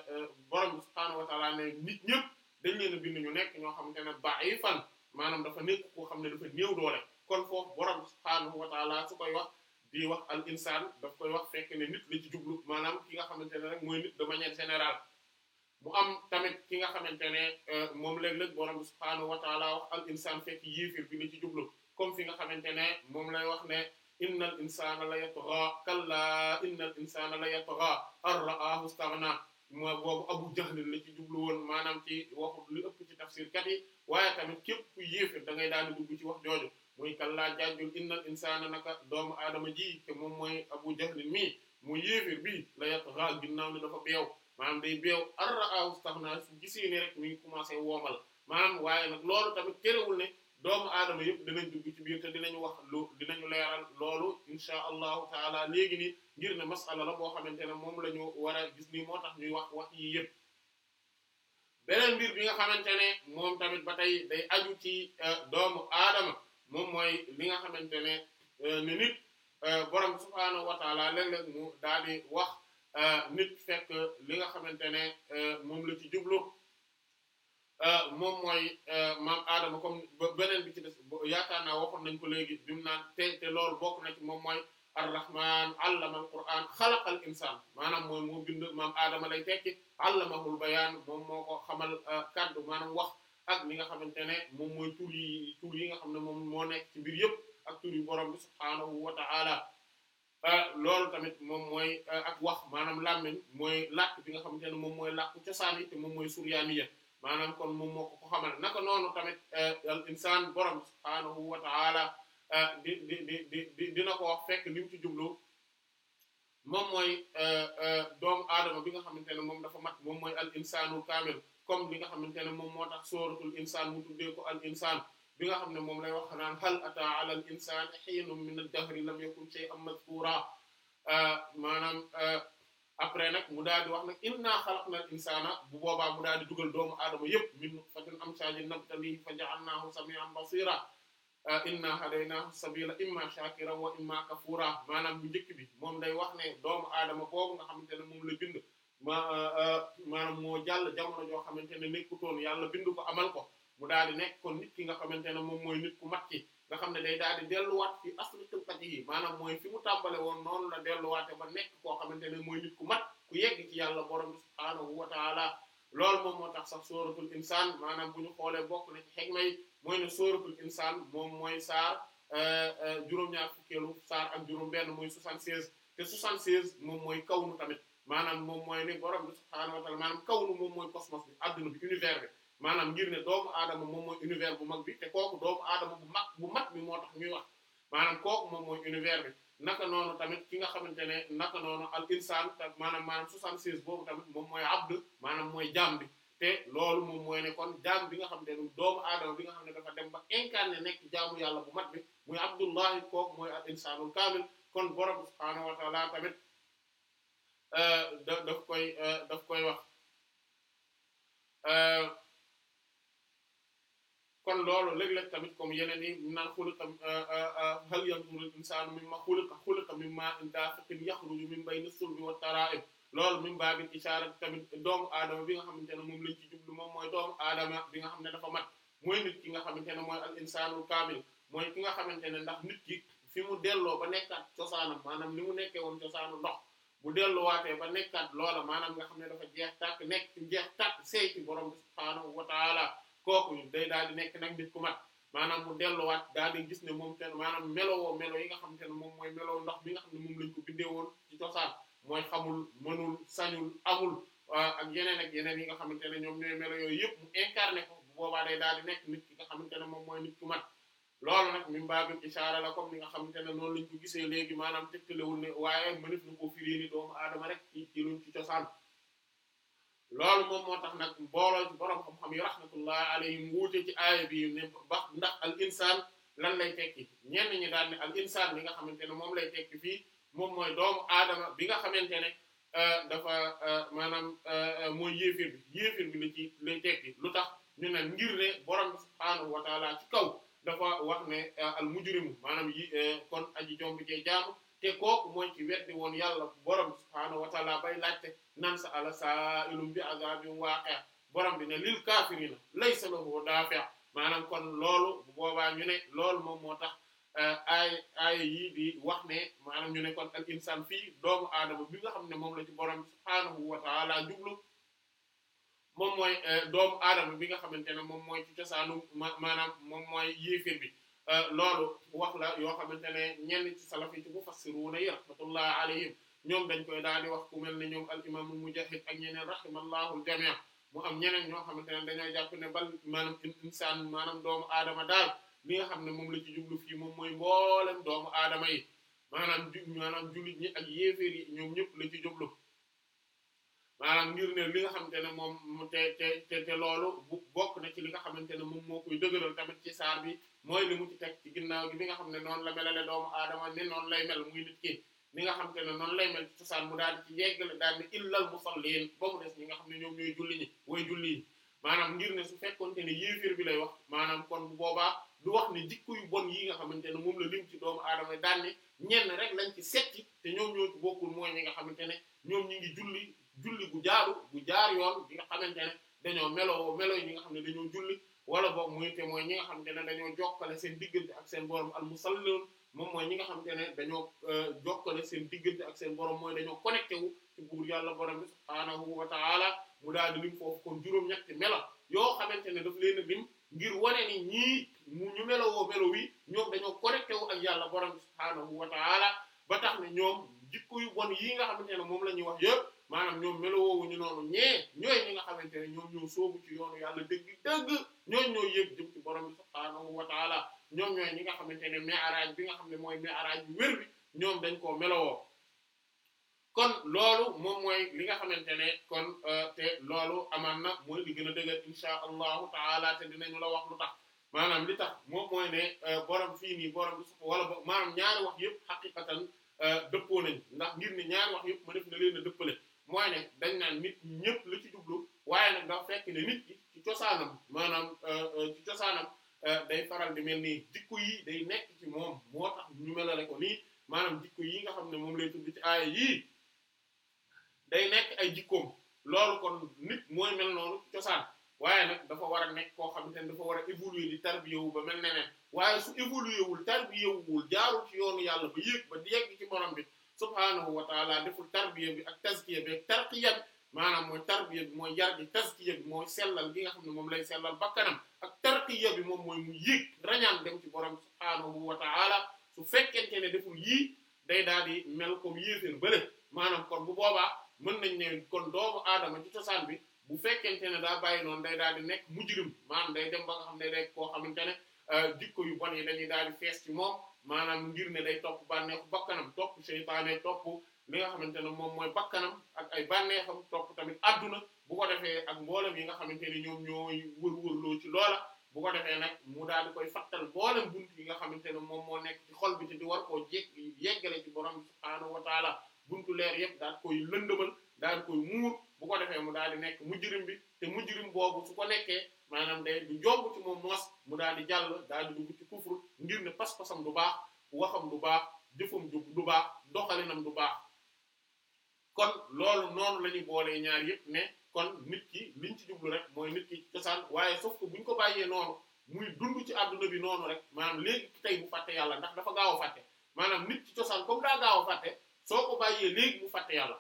borom bi subhaanahu wa ta'ala ne nit ñëpp dañ leen a bind ñu nekk ñoo xamante ne da'ifan maanaam dafa nekk koo xam ne dafa néew doole kon foofu borom bi subhaanahu wa ta'ala su koy wax di wax al insaan daf koy wax fekk ne nit la ci jublu maanaam ki nga xamante ne rek mooy nit de manière bu am tamit ki nga xamante ne euh, moom léeg-léeg borom bi subhaanahu wa taala wax al insaan fekk yéefir bi la ci jublu comme fi nga xamante ne moom lay wax ne innal insaana la yatgha kalla innal insaana la yatgha ar ra'ahu istaghna moo boobu abu jahl la ci jublu woon maanaam ci waxu lu ëpp ci tafsir kat yi waaye tamit képp ku yéefir da ngay daal di dugg ci wax jooju muy kalla bi innal insaana naka doom aadama ji te moom mooy abu jahl mi mu yéefir bi la yatgha ginnaaw ni dafa beew maanaam day beew ar-ra'ahu istaghnaa su gisee ni rek mi ngi commencé woomal maanaam waaye nag loolu tamit terewul ne doomu aadama yëpp dinañ dugg ci biir te dinañu wax lu dinañu leeral loolu insha allahu taala léegi nii ngir ne masala la boo xamante ne moom la ñu war gis nii moo tax ñuy wax wax yi yëpp beneen mbir bi nga xamante ne moom tamit ba tey day aju ci euh, doomu aadama moom mooy li nga xamante ne euh, ne nit euh, borom subhaanahu wa taala léeg mu daal di wax Euh, nit fekk li nga xamante ne euh, moom la ci jublu euh, moom mooy maam aadama comme beneen bi ci des yaakaar naa waxoon nañ ko léegi bi mu naan te lool bokk na ci moom mooy arrahman allama al quran xalaqal insaan maanaam mooy moo bind maam aadama lay tekki allamahul bayaan moom moo ko xamal kaddu maanaam wax ak li nga xamante ne moom mooy tur yi yi nga xam ne moom moo nekk ci biir yëpp ak tur yi borom bi subhaanahu wa ta'ala Euh, loolu tamit moom mooy euh, ak wax maanaam làmmiñ mooy làkk bi nga xamante ne moom mooy làkku cosaan yi te moom mooy suryaaniya maanaam kon moom moo ko ko xamal naka noonu tamit euh, al insaan borom subhaanahu wa ta'ala di di di di dina ko wax fekk li mu ci jublu moom mooy doom aadama bi nga xamante ne moom dafa mat moom mooy al insaanul kaamil comme li nga xamante ne moom moo tax sóoratul insaan mu tuddee ko al insaan bi nga xam ne moom lay wax naan hal ata ala al insani hiinun na ad-dahri lam yakun shay'an madhkura uh, maanaam uh, après nag mu daal di wax nag inna xalaqna al insana bu boobaa mu daal di dugal doomu aadama yépp min nutfatin amshajin nabtalihi fa ja'alnahu sami'an basira uh, inna hadaynahu sabila imma shakiran wa imma kafura maanaam bu njëkk bi moom day wax ne doomu aadama boobu nga xamante ne moom la bind ma maanaam moo jàll jamono joo xamante ne nekkutoon yàlla bind ko amal ko mu daal di nekk kon nit ki nga xamante ne moom mooy nit ku mat ki nga xam ne day daal di delluwaat fi asli tëmpati yi maanaam mooy fi mu tàmbale woon noonu la delluwaate ba nekk koo xamante ne mooy nit ku mat ku yegg ci yàlla borom bi subhaanahu wa taala loolu moom moo tax sax sóoratul insaan maanaam bu ñu xoolee bokk na ci mooy ne sóoratul insaan moom mooy saar euh, euh, juróom-ñaar fukkeelu saar ak juróom-benn mooy 76 te 76 moom mooy kawnu tamit maanaam moom mooy ne borom bi subhaanahu wa taala maanaam bi adduna bi univers bi maanaam ngir ne doomu aadama moom mooy univers bu mag bi te kooku doomu aadama bu mag bu mag bi moo tax ñuy wax maanaam kooku moom mooy univers bi naka noonu tamit ki nga xamante ne naka noonu al insaan maanaam maanaam 76 boobu tamit moom mooy abd maanaam mooy jaam bi loolu moom mooy ne kon bi nga xamante ne doomu aadama bi nga xam ne dafa dem ba incarné nekk jaamu yàlla bu mat bi muy abdullahi kooku mooy al insaanul kaamil kon borom subhaanahu wa taala tamit euh, euh, daf koy wax. Euh, kon looloo léeg-léeg tamit comme yeneen yi naan xuliqa euh, euh, euh, hal yanzurul insaanu mimma xuliqa xuliqa mimma in daafiqin yaxruju min bayni sulbi wa taraa'ib loolu min baabil ishaara tamit doomu aadama bi nga xamante ne moom lañ ci jublu moom mooy doomu aadama bi nga xam ne dafa mat mooy nit nga xamante ne mooy al insaanul kaamil mooy ki nga xamante ne ndax nit ki fi mu delloo ba nekkaat cosaanam maanaam li mu nekkee woon cosaanu ndox bu delluwaatee ba nekkaat loola maanaam nga xam ne dafa jeex tàkk nekk jeex tàkk seey ci borom bi subhaanahu kooku day daal di nekk nag nit ku mat maanaam mu delluwaat daal di gis ne moom ten maanaam melowoo melo yi nga xam ne moom mooy meloo ndox bi nga xam ne moom lañ ko bindee woon ci cosaan mooy xamul mënul sañul amul ah, ak yeneen ak yeneen yi nga xamante ne ñoom ñooy melo yooyu yëpp mu incarné bu boobaa day di nekk nit ki nga xamante ne moom mooy nit ku mat loolu nag min babil ishaara la comme ni nga xamante ne noonu lañ ko gisee léegi maanaam tegtalewul ne waaye mënef na koo firi ni doomu aadama rek ci ci luñ ci cosaan loolu moom moo tax nag mbooloo ci borom xam-xam yi rahmatullah alayhim wuute ci aaya bi ne ba ndax al insaan lan lay tekki ñenn ñi daal ne al insaan li nga xamante ne moom lay tekki fii moom mooy doomu aadama bi nga xamante ne euh, dafa euh, maanaam euh, mooy yéefir bi yéefir bi la ci lay tekki lu tax ñu ne ngir ne borom bi subhaanahu wa taala ci kaw dafa wax ne al mujrimu maanaam yi kon aji jomb cee jaamu te kooku mooy ci weddi woon yàlla borom subhaanahu wa taala bay laajte nan sa ala saa ilum bi azabin waaqi' borom bi ne lil kaafirina laysa lahu daafi' maanaam kon loolu booba boobaa ñu ne loolu moom moo tax eh, ay ay wax ne maanaam ñu ne kon al insaan fii doomu aadama bi nga xam ne moom la ci borom subhaanahu wa jublu moom mooy eh, doomu aadama bi nga xamante ne moom mooy ci cosaanu maanaam moom mooy yéefir bi Euh, loolu wax la yoo xamante ne ñenn ci salaf yi ci mufassiruna yi rahmatullah alayhim ñoom dañ koy daal di wax ku mel ne ñoom al imam mujahid ak ñeneen rahimallahu al jami' mu am ñeneen ñoo xamante ne dañoo jàpp ne bal maanaam insaan maanaam doomu aadama daal li nga xam ne moom la ci jublu fii moom mooy mboolem doomu aadama yi maanaam ju maanaam ñi ak yéeféer yi ñoom ñëpp la ci jublu maanaam ngir ne li nga xamante ne moom te te te loolu bu bokk na ci li nga xamante ne moom moo koy dëgëral tamit ci saar bi mooy li mu ci ci ginnaaw gi nga xam ne noonu la melale doomu aadama noonu lay mel muy nit ki ni nga xamante ne noonu lay mel ci mu daal di ci daal di illal musalliin ba mu des ñi nga xam ne ñoom ñooy julli ñi way julli yi ngir ne su fekkonte ne yéefir bi lay wax maanaam kon bu boobaa du wax ne jikko yu bon yi nga xamante ne moom la lim ci doomu aadama daal ne ñenn rek lañ ci setti te ñoom ñoo ci mooy ñi nga xamante ne ñoom ñi ngi julli julli gu jaaru gu jaar yoon bi nga xamante ne dañoo melo melo ñi nga xam ne dañoo julli wala boog muy te mooy ñi nga xam ne dañoo jokkale seen diggante ak seen borom al musallimun moom mooy ñi nga xamante ne dañoo jokkale seen diggante ak seen borom euh, mooy dañoo connecté wu ci buur yàlla borom bi subhaanahu wa ta'ala mu daal di lim foofu kon juróom-ñetti melo yoo xamante ne daf leen a lim ngir wane ni ñii mu ñu melowoo melo wi ñoom dañoo connecté wu ak yàlla borom bi subhaanahu wa ta'ala ba tax ne ñoom jikko yu bon yii nga xamante ne moom la ñuy wax yëpp maanaam ñoom melowoowu ñu noonu ñee ñooy ñi nga xamante ne ñoom ñoo soobu ci yoonu yàlla dëgg dëgg ñooñ ñooy yëg jëm ci borom bi ñoom ñooy ñi nga xamante ne mi'raaj bi nga xam ne mooy mi'raaj bi wér bi ñoom dañ koo melowoo kon loolu moom mooy li nga xamante ne kon euh, te loolu amaan na mooy li a dëgër insha allahu taala te dinañu la wax lu tax maanaam li tax moom mooy ne euh, borom fii nii borom wala bo maanaam ñaari wax yëpp xaqiqatan euh, dëppoo nañ ndax ngir ne ñaari wax yëpp ma def na leen a dëppale mooy ne dañ naan nit ñëpp lu ci jublu waaye nag dafa fekk ne nit ki ci cosaanam maanaam euh, euh, ci cosaanam euh, day faral di mel nii jikko yi day nekk ci moom moo tax ñu melale ko nii maanaam jikko yi nga xam ne moom lay tudd ci aaya yii day nekk ay jikkoom loolu kon nit mooy mel noonu cosaan waaye nag dafa war a nekk koo xamante ne dafa war a évoluer di tarbiye wu ba mel neneen waaye su évoluer wul tarbiye wul jaarul ci yoonu yàlla ba yéeg ba yegg ci borom bi subhaanahu wa taala deful tarbiya bi ak tazkiya bi ak tarqiya bi maanaam mooy tarbiya bi mooy yar bi tazkiya bi mooy sellal bi nga xam ne moom lay sellal bakkanam ak tarqiya bi moom mooy mu yéeg rañaan dem ci borom subhaanahu wa taala su fekkente ne deful yii day daal di mel comme yéeféer bële maanaam kon bu boobaa mën nañ ne kon doomu aadama ci cosaan bi bu fekkente ne daa bàyyi noonu day daal di nekk mujrim maanaam day dem ba nga xam ne day koo xamante ne euh, yu bon yi dañuy daal di fees ci moom maanaam ngir ne day topp bànneexu bakkanam topp seytaane topp li nga xamante ne moom mooy bakkanam ak ay bànneexam topp tamit adduna bu ko defee ak mboolem yi nga xamante ne ñoom ñooy wër ci loola bu ko defee nag mu daal di koy fattal mboolem bunt yi nga xamante ne moom moo nekk ci xol bi te di war koo jég yeggale ci borom subhaanahu wa taala buntu leer yëpp daal koy lëndëmal daal koy muur bu ko defee mu daal di nekk mujjirim bi te mujjirim boobu su ko nekkee maanaam day du jomb ci moom was mu daal di jàll daal di dugg ci kufru ngir ne pas-pasam du baax waxam du baax jëfam du baax doxalinam du baax kon loolu noonu la ñu boolee ñaar yëpp ne kon nit ki liñ ci jublu rek mooy nit ki cosaan waaye sauf ko buñ ko bàyyee noonu muy dund ci àdduna bi noonu rek maanaam léegi tey bu fàtte yàlla ndax dafa gaaw a fàtte maanaam nit ci cosaan comme daa gaaw a fàtte soo ko bàyyee léegi mu fàtte yàlla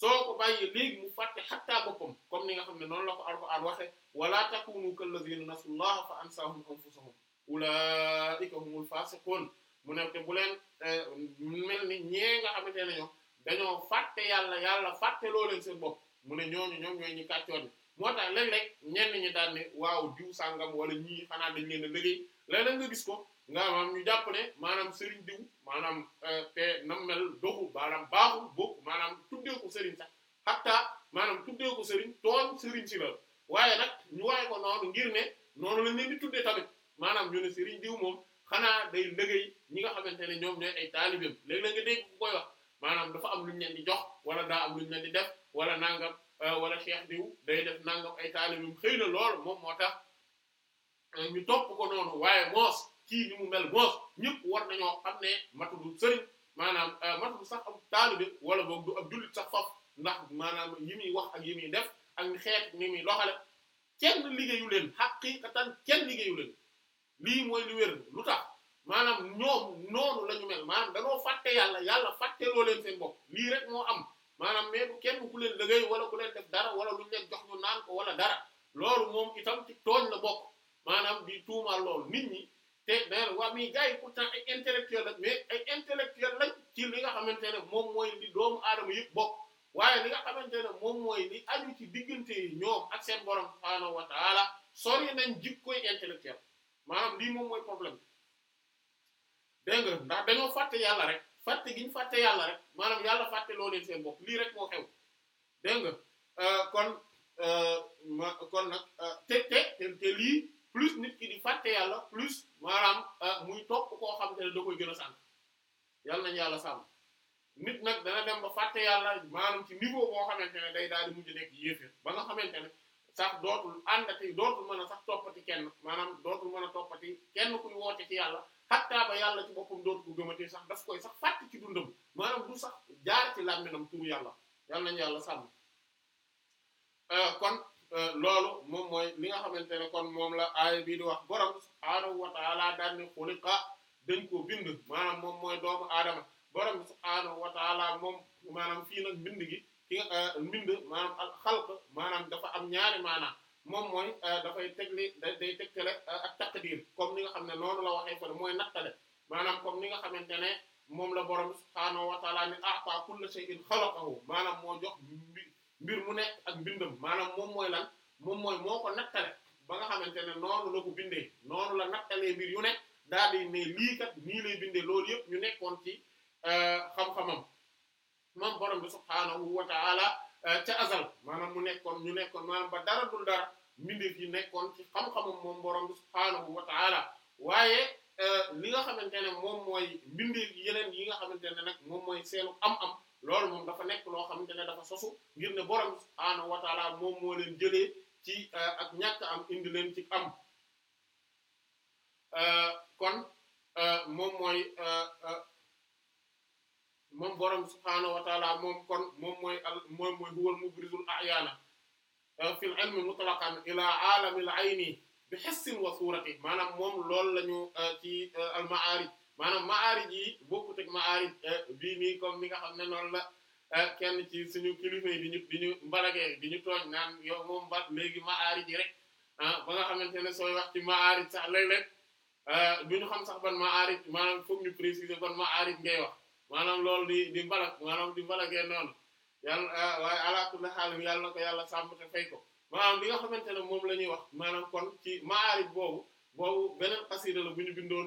soo ko bàyyi léegi mu fàtte xattaa boppam comme ni nga xam ne noonu la ko alquran waxe wala takunu kallazina nasullaha fa ansahum anfusahum ulaika humul fasiqun mu ne te bu leen eh, mel ni ñee nga xamante ne ñoom dañoo fàtte yàlla yàlla fàtte loo leen seen bopp mu ne ñooñu ñoom ñooy ñi kàccoon ni moo tax léeg-léeg ñenn ñi daan ne waaw diw sàngam wala ñii xanaa dañ leen a léegi léeg-léeg nga gis ko nga maanaam ñu jàpp ne maanaam sëriñ diw maanaam euh, te nam mel doxu maanaam baaxul bokk maanaam tuddee ko sëriñ sax hatta maanaam tuddee ko sëriñ tooñ sëriñ si la waaye nag ñu waaye ko noonu ngir ne noonu lañ leen di tuddee tamit maanaam ñu ne sëriñ diw moom xanaa day lëgëy ñi nga xamante ne ñoom ñooy ay taalibeem léegi la nga dégg ku koy maanaam dafa am luñ ñu leen di jox wala daa am lu ñu leen di def wala nangam euh, wala cheikh diw day def nangam ay taalibeem xëy na lool moom moo tax euh, ñu topp ko noonu waaye moos kii ni mu mel goos ñëpp war nañoo xam ne matudu sëriñ maanaam euh, matudu sax ab taalibe wala boog du ab jullit sax foofu ndax maanaam yi muy wax ak yi muy def ak xeet ni muy doxale kenn liggéeyu leen xaqiqatan kenn liggéeyu leen lii mooy li wér lu tax maanaam ñoom noonu la ñu mel maanaam danoo fàtte yàlla yàlla fàtteloo leen seen bopp lii rek moo am maanaam mais kenn ku leen liggéey wala ku leen def dara wala lu ñu leen jox ñu naan ko wala dara lool moom itam ci tooñ la maanaam di tuumaal loolu nit ñi te d'ailleurs waa mi gars yi pourtant ay intellectuel mais intellectuel lañ ci li nga xamante ne moom mooy li doomu aadama yëpp bokk waaye li nga xamante ne moom mooy li aju ci diggante yi ñoom ak seen borom subhaanahu wa taala sori nañ jikkoy intellectuel maanaam lii moom mooy problème dégg ndax dañoo fàtte yàlla rek fàtte gi ñu fàtte yàlla rek maanaam yàlla fàtte loo seen bopp lii rek moo xew dégg nga euh, kon euh, euh, te te te lii plus nit ki di fàtte yàlla plus maanaam euh, muy topp koo xam te ne da koy gën a sànq yàlla nañ yàlla sàmm nit nag dana dem ba fàtte yàlla maanaam ci niveau boo xamante ne day daal di mujj nekk yéeféer ba nga xamante ne sax dootul àndati dootul mën a sax toppati kenn maanaam dootul mën a toppati kenn kuy woote ci yàlla xattaa ba yàlla ci boppam dootu ko gëmatee sax daf koy sax fàtte ci dundam maanaam du sax jaar ci làmminam turu yàlla yàlla nañ yàlla sàmm euh, Euh, loolu moom mooy li nga xamante ne kon moom la aaya bii di wax borom subhaanahu wa taala daan ne xuliqa dañ ko bind maanaam moom mooy doomu aadama borom subhaanahu wa moom maanaam fii nag bind gi ki nga euh, mbind maanaam al xalq dafa am ñaari maanaam moom mooy euh, dafay tegli day tegtale ni nga xam ne noonu la waxee fële mooy nattale maanaam comme ni nga xamante ne moom la borom subhaanahu wa taala ni a'ta kulla maanaam moo jox. mbir mu nekk ak bindam maanaam moom mooy lan moom mooy moo ko nattale ba nga xamante ne noonu la ko bindee noonu la nattalee mbir yu nekk daal di ne lii kat nii lay loolu yëpp ñu nekkoon ci euh, xam-xamam moom borom bi subhaanahu wa euh, ca azal mu nekkoon ñu nekkoon maanaam ba dara dul yi nekkoon ci xam-xamam moom borom bi waaye euh, li nga xamante ne moom mooy mbindeef yeneen yi nga xamante ne nag moom mooy seenu am-am. lool moom dafa nekk loo xamante ne dafa sosu ngir ne borom subhaanahu wa taala moom moo leen jëlee ci euh, ak ñàkk am indi leen ci am euh, kon euh, moom mooy moom borom subhaanahu wa taala moom kon moom mooy huwal mubrizul a'yaana fil ilmi mutlaqan ila aalamil ayni bi hissin wa surati maanaam moom loolu la ci al maanaam maarij yi bokkut ak maarij eh, bii nii comme ni nga xam ne noonu la eh, kenn ci suñu kilifa yi di ñu di ñu mbalagee di ñu tooñ naan yow moom ba léegi maarij yi rek ah ba nga xamante ne sooy wax ci maarij sax léeg-léeg eh, du ñu xam sax ban maarij maanaam foog ñu préciser ban maarij ngay wax maanaam loolu di di mbalag maanaam di mbalagee noonu yàlla waaye ala kulli haal yàlla na ko yàlla sàmp te fay ko maanaam li nga xamante ne moom la ñuy wax maanaam kon ci boobu beneen xasida la bu ñu bindoon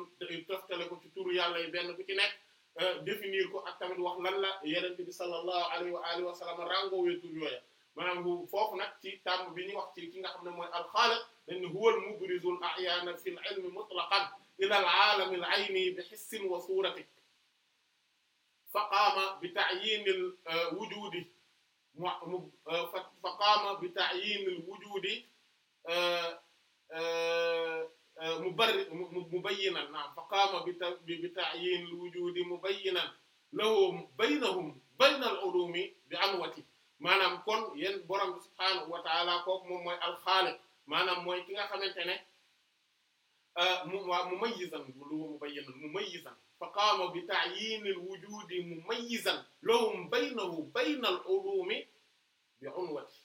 toftale ko ci turu yàlla yi benn ku ci nekk euh, définir ko ak tamit wax lan la yeneen bi sallallahu alayhi wa alihi wa sallam rangoowee tur yooya maanaam bu foofu nag ci tàmm bi ñuy wax ci ki nga xam ne mooy alxaaliq dañ ne huwa al mubrizul ahyana fi l ilmi mutlaqan ila al aalami al ayni bi hissin wa surati fa qaama bi ta'yinil euh, wujudi euh, fa qaama bi ta'yinil wujudi mu bari mu mu bayyinan naam fa qaama bi ta bi ta'yin al-wujudi mubayyinan lahu baynahum bayna al-ulumi bi anwati maanaam kon yéen borom bi subhaanahu wa ta'ala kooku moom mooy al-xaaliq maanaam mooy ki nga xamante ne mu waa mumayyizan lu mubayyinan mumayyizan fa qaama bi ta'yin al-wujudi mumayyizan lahu baynahu bayna al-ulumi bi anwati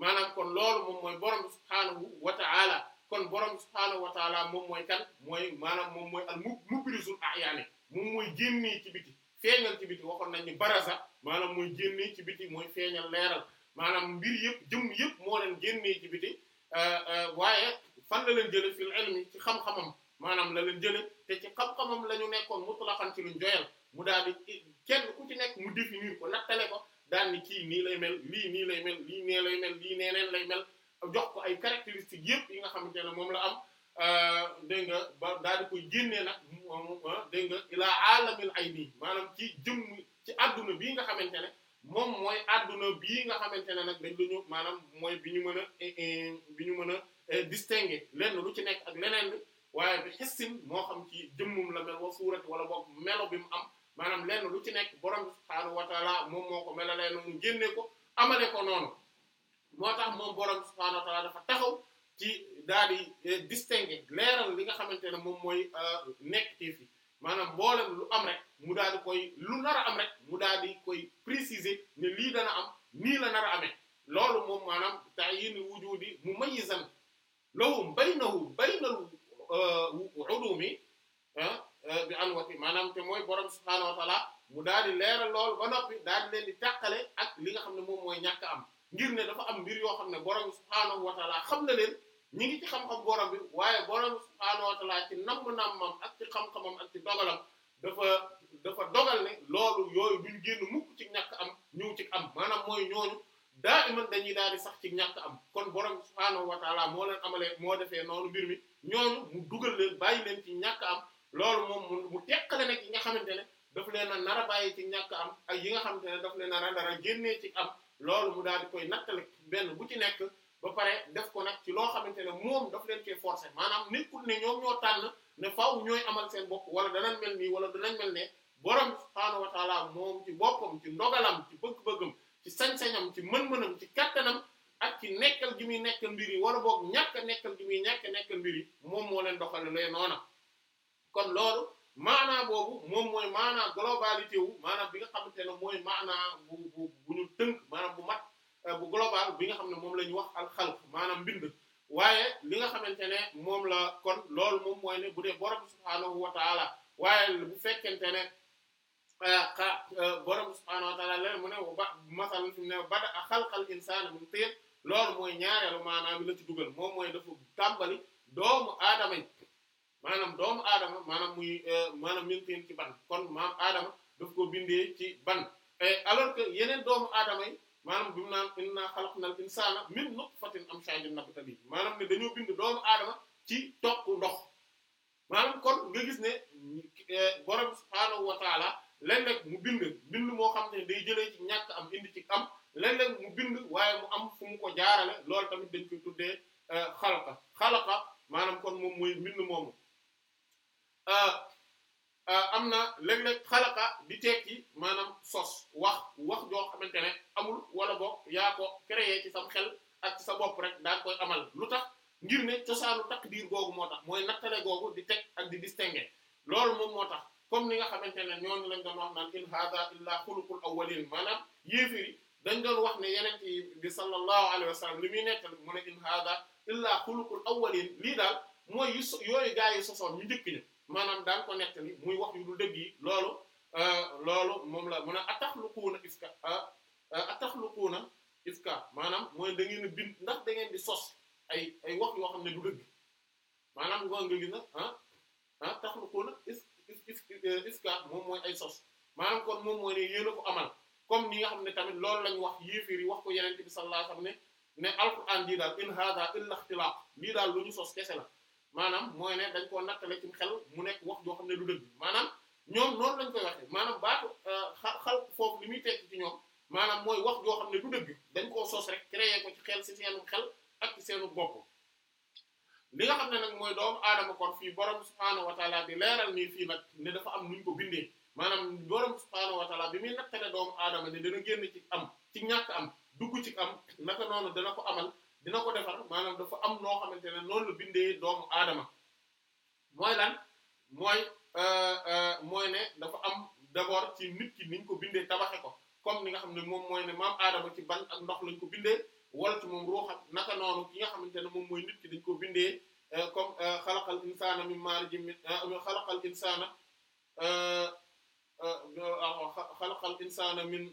maanaam kon loolu moom mooy borom bi subhaanahu wa ta'ala kon borom subhaanahu wa taala moom mooy kan mooy maanaam moom mooy al mu mubrisul ayaani moom mooy génnee ci biti feeñal ci biti waxoon nañ ni sax maanaam mooy génnee ci biti mooy feeñal leeral maanaam mbir yëpp jëm yëpp moo leen génnee ci biti euh, euh, waaye fan la leen jële fil ilmi ci xam-xamam maanaam la leen jële te ci xam-xamam la ñu nekkoon mutlaqan ci luñ joyal mu daal di kenn ku ci nekk mu définir ko nattale ko daal ni kii nii lay mel lii nii lay mel lii nee lay lay mel jox ko ay caractéristiques yëpp yi nga xamante ne moom la am euh, dégg nga ba daal di koy génnee nag ah, dégg nga ilaa alamil ay nii maanaam ci jëm ci adduna bii nga xamante ne moom mooy àdduna bii nga xamante ne nag dañ lañu maanaam mooy bi ñu mën a eh, eh, bi ñu mën a eh, distinguer lenn lu ci nekk ak leneen bi waaye bi xessin moo xam ci jëmmum la mel wa wala boog melo bi mu am maanaam lenn lu ci nekk borom bi subhaanahu wa taala moom moo ko melalee noonu génne ko amale ko noonu moo tax moo borom subhaanahu wa ta'aala dafa taxaw ci daal di eh, distinguer leeral li nga xamante ne moom mooy euh, nekk téef yi maanaam mboolem lu am rek mu daal di koy lu nar a am rek mu daal di koy préciser ne lii dana am nii la nar a loolu moom maanaam ta'yin wujudi mumayyizan lahum baynahu baynal euh, udumi ah, euh, bi anwati maanaam te mooy borom subhaanahu wa mu daal di leeral loolu ba noppi daal di leen di tàqale ak li nga xam ne moom mooy ñàkk am. ngir ne dafa am mbir yoo xam ne borom bi subhaanahu wa taala xam na leen ñi ngi ci xam-xam borom bi waaye borom bi subhaanahu wa taala ci namm-nammam ak ci xam-xamam ak ci dogalam dafa dafa dogal ne loolu yooyu duñ génn mukk ci ñàkk am ñëw ci am maanaam mooy ñooñu daa iman dañuy daal di sax ci ñàkk am kon borom bi subhaanahu wa taala moo leen amalee moo defee noonu mbir mi ñooñu mu dugal leen bàyyi leen ci ñàkk am loolu moom mu teqale nag yi nga xamante ne daf leen a nar a bàyyi ci ñàkk am ak yi nga xamante ne daf leen a nar a génnee ci am loolu mu daal di koy nattale benn bu ci nekk ba pare def ko nag ci loo xamante ne moom daf leen cee forcer maanaam nekkul ne ñoom ñoo tànn ne faaw ñooy amal seen bokk wala danañ mel nii wala danañ mel ne borom subhaanahu wa taala moom ci boppam ci ndogalam ci bëgg-bëggam ci sañ-sañam ci mën-mënam ci kattanam ak ci nekkal gi muy nekkal mbir yi wala boog ñàkk nekkal gi muy ñàkk nekkal mbir yi moom moo leen doxale lay noona kon loolu maanaa boobu moom mooy maanaa globalité wu maanaam bi nga xamante ne mooy maanaa bu bu bu ñu bu mat euh, bi nga xam ne moom la wax al xalq maanaam mbind waaye li nga xamante ne moom la kon loolu moom mooy ne bu dee borom subhaanahu wa taala waaye bu fekkente ne euh, xa euh, borom subhaanahu wa taala leen mu ne ba masalan fi mu ne bada a xalqal insaana min tiin loolu mooy ñaareelu maanaa bi la ci dugal moom mooy dafa tàmbali doomu aadama maanaam doomu aadama maanaam muy euh, maanaam mintin ci ban kon maam aadama daf koo bindee ci ban alors que yeneen doomu aadama yi maanaam bi mu naan inna xalaqnal insaana min nutfatin amshaajin nabtalihi maanaam ne dañoo bind doomu aadama ci toq ndox maanaam kon nga gis ne euh, borom subhaanahu wa taala léeg mu bind bind moo xam ne day jëlee ci ñàkk am indi ci am léeg-léeg mu bind waaye mu am fu mu ko jaarale lool tamit dañ koy tuddee euh, xalaqa xalaqa maanaam kon moom mooy mbind moomu Euh, euh, am na léeg-léeg xalaqa di tekki maanaam sos wax wax joo xamante ne amul wala boog yaa ko créer ci sam xel ak sa bopp rek daal koy amal lu tax ngir ne cosaanu takdir googu moo tax mooy nattale googu di teg ak di distinguer loolu moom moo tax comme ni nga xamante ne ñooñu lañ doon wax naan in hadha illa xuluqul awwalin maanaam yéefiri dañ doon wax ne yeneen ci bi sallallahu alayhi wa sallam li muy nettal mu ne in hadha illa xuluqul awwalin lii daal mooy yu yooyu gaa yi sosoon ñu njëkk ña maanaam daan ko nettali muy wax yu du dëgg yi loolu euh, loolu moom la mun a ataxluquuna iska euh, euh, ataxluquuna iska maanaam mooy da ngeen a bind ndax da di sos ay ay wax yoo xam ne du dëgg maanaam nga nga gis na ah ah taxluquuna is is iska moom mooy ay sos maanaam kon moom mooy ne yéen a ko amal comme ni nga xam ne tamit loolu lañ wax yéeféer yi wax ko yeneen bi sallallahu alayhi wasallam ne ne alquran dii daal in hada illa ixtilaaq lii daal lu ñu sos kese la maanaam mooy ne dañ koo nattale ci xel mu nekk wax joo xam ne du dëgg maanaam ñoom noonu lañ koy waxee maanaam baatu euh, xal foofu li muy tekki ci ñoom maanaam mooy wax joo xam ne du dañ koo sos rek créé ko ci xel ci seenu xel ak seenu bopp li nga xam ne nag mooy doomu aadama kon fii borom subhaanahu wa taala di leeral nii fii nag ne dafa am nuñ ko bindee maanaam borom subhaanahu wa taala bi muy nattale doomu aadama ne dana génn ci am ci ñàkk am dugg ci am naka noonu dana ko amal dina ko defar maanaam dafa am noo xamante ne noonu la bindee doomu aadama mooy lan mooy euh, euh, mooy ne dafa am d'abord ci nit ki niñ ko bindee tabaxe ko comme ni nga xam ne moom mooy ne maam aadama ci ban ak ndox lañ ko bindee wala ci moom ruuxam naka noonu ki nga xamante ne moom mooy nit ki dañ ko bindee euh, comme xalaqal insaana min maarijin min xalaqal insaana xalaqal insaana min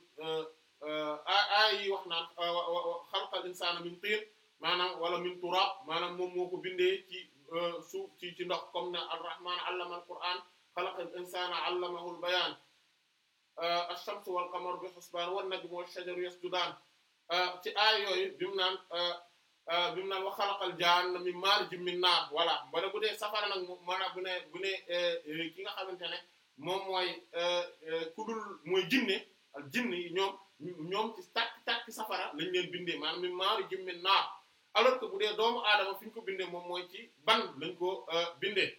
aay wax naan xalaqal insaana min tiin maanaam wala min turab maanaam moom moo ko bindee ci euh, suuf ci ci ndox comme ne arrahman allama alquran xalaqal insana allamahu albayan euh, ash-shamsu wal qamaru bi husban wan najmu wash-shajaru yasjudan euh, ci aay yooyu bi mu naan bi mu naan wa xalaqal jaanna min marjin min naar voilà mbala bu dee safara nag moom maanaam bu ne bu ne ki nga xamante ne moom mooy kudul mooy jinne al jinne yi ñoom ñoom ci tàkk tàkk safara lañ leen bindee maanaam min marjin min naar alors bu dee doomu aadama fi ñu ko bindee moom mooy ci ban lañ ko euh, bindee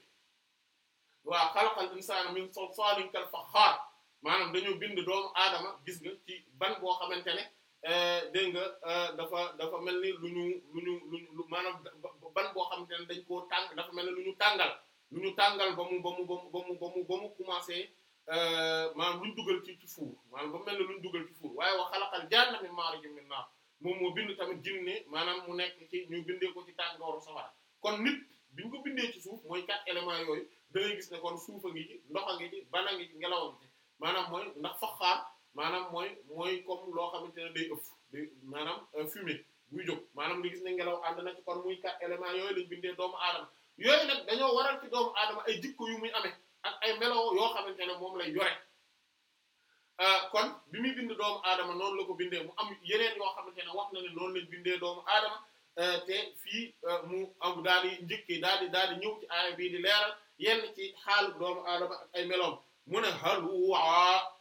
waaw xalaqal insaana min salsaalin kal faxaar maanaam dañu bind doomu aadama gis nga ci ban boo xamante ne euh, dégg nga euh, dafa dafa mel ni lu ñu lu ñu lu maanaam ban boo xamante ne dañ koo tàng dafa mel ni lu ñu tàngal lu ñu tàngal ba mu ba mu ba mu ba mu ba mu ba mu commencé maanaam lu ñu dugal ci ci fuur maanaam ba mel ni lu ñu dugal ci fuur waaye wa xalaqal jaanna min maarij min naar moom moo bind tamit jinne maanaam mu nekk ci ñu bindee ko ci tàngooru safara kon nit biñ ko bindee ci suuf mooy quatre éléments yooyu da gis ne kon suufa ngi ci ndox a ngi ci bana ngi ci ngelaw ngi ci maanaam mooy ndax faxaar maanaam mooy mooy comme loo xamante ne day ëff day maanaam euh, fumée buy jóg maanaam nga gis ne ngelaw ànd na ci kon muy quatre éléments yooyu lañ bindee doomu aadama yooyu nag dañoo waral ci doomu aadama ay jikko yu muy amee ak ay melo yoo xamante ne moom lay yore Euh, kon bi muy bind doomu aadama noonu la ko bindee mu am yeneen yoo xamante ne wax na ne noonu lañ bindee doomu aadama euh, te fii euh, mu am daal di njëkkee daal di ñëw ci aaya bii di leeral yenn ci xaalu doomu aadama ay meloom mu ne halwa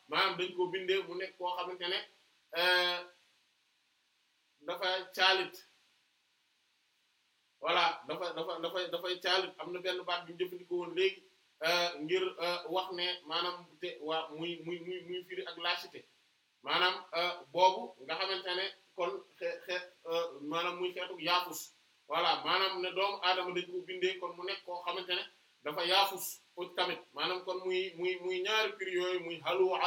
maanaam dañ ko bindee mu nekk koo xamante ne dafa caalit voilà dafa dafa dafay dafay caalit am na benn baat bi ñu jëfandikoo woon léegi Euh, ngir euh, wax ne maanaam te muy muy muy firi ak laacité maanaam euh, boobu nga xamante ne kon xe xe maanaam muy xeetu yaafus voilà maanaam ne doomu aadama dañ bindee kon mu nekk koo xamante ne dafa yaafus tamit maanaam kon muy muy muy ñaari firi yooyu muy haluwa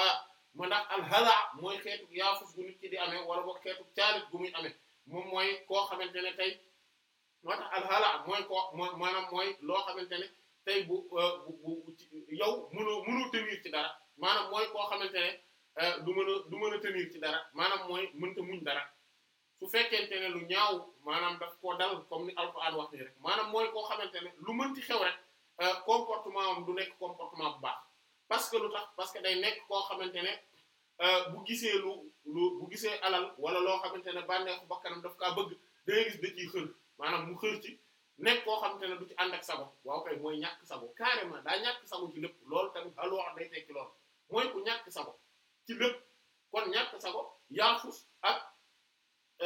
mu ndax alhala mooy xeetu yaafus gu nit ki di amee wala boog xeetu caalit gu muy amee moom mooy koo xamante ne tey moo tax alhala mooy koo maanaam mooy loo xamante ne tey euh, bu bu ci yow mënoo mënoo tenir ci dara maanaam mooy koo xamante ne euh, du mën a du mën a tenir ci dara maanaam mooy mënta muñ dara su fekkente ne lu ñaaw maanaam daf koo dal comme ni alxuraan wax nii rek maanaam mooy koo xamante ne lu mënti xew rek euh, comportement am du nekk comportement bu baax parce que lu tax parce que day nekk koo xamante ne bu gisee lu lu bu gisee alal wala loo xamante ne bànneexu bakkanam daf ka bëgg day gis da ciy xër maanaam mu xër ci nekk koo xamante ne du ci ànd ak sago waaw kay mooy ñàkk sago carrément daa ñàkk sago ci lépp loolu tamit alwax day tekki lool mooy ku ñàkk sago ci lépp kon ñàkk sago yaafus ak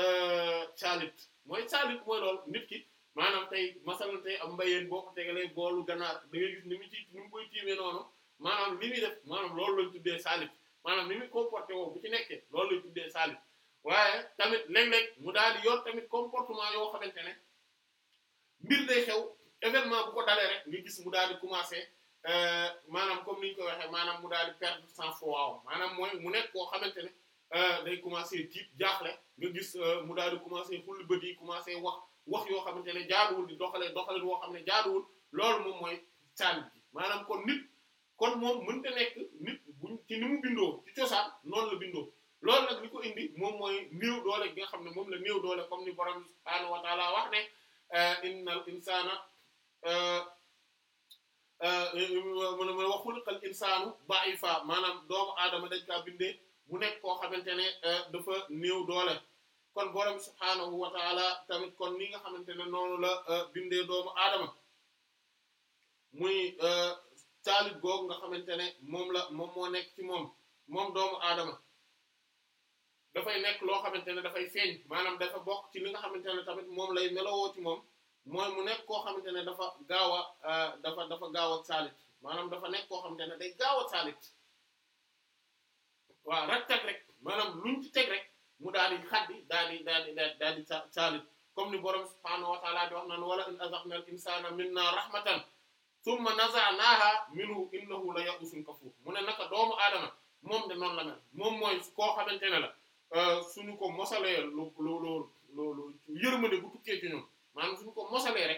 euh, saalit mooy saalit mooy loolu nit ki maanaam tey masalan tey am mbayeen boo ko tegalee boolu ganaar da ngay gis ni mu ci ni koy tiimee noonu maanaam li muy def maanaam loolu lañ tuddee saalit maanaam ni muy comporté woo bu ci nekkee loolu lañ tuddee saalit waaye tamit léeg-léeg mu daal di yor tamit comportement yoo xamante ne mbir day xew événement bu ko dalee rek nga gis mu daal di commencer euh, maanaam comme ni ñu ko waxee maanaam mu daal di perdre sang-froid maanaam mooy mu nekk koo xamante ne euh, day commencer tiit jaaxle nga gis euh, mu daal di commencer xulli bët yi commencer wax wax yoo xamante ne jaaduwul di doxalee doxaleen woo xam ne jaaduwul loolu mooy sànni bi maanaam kon nit kon moom mënta nekk nit buñ ci ni mu bindoo ci cosaan noonu la bindoo loolu nag li ko indi moom mooy néew doole gi nga xam ne moom la néew doole comme ni borom subhaanahu wa taala wax ne innal insaana mun mun wa xuliqal insaanu da'ifa maanaam doomu aadama dañ kaa bindee mu nekk koo xamante ne dafa néew doole kon borom subhaanahu wa taala tamit kon ni nga xamante ne noonu la bindee doomu aadama muy caalit googu nga xamante ne moom la moom moo nekk ci moom moom doomu aadama dafay nekk loo xamante ne dafay feeñ maanaam dafa bokk ci li nga xamante ne tamit moom lay melowoo ci moom mooy mu nekk koo xamante ne dafa gaaw a euh, dafa gaaw a saalit maanaam dafa nekk koo xamante ne day gaaw a saalit waaw rak teg rek maanaam luñ ci teg rek mu daal di xaddi daal yi daal di daal di saalit comme ni borom subhaanahu wa ta'ala di wax naan wala in azaqna al insana minna rahmatan thumma naza'naha minhu innahu la ya'usun kafur mu ne naka doomu aadama moom de noonu la mel moom mooy koo xamante ne la Euh, suñu ko mosalee lu lu lu lu yërmande bu tukkee ci ñun maanaam suñu ko mosalee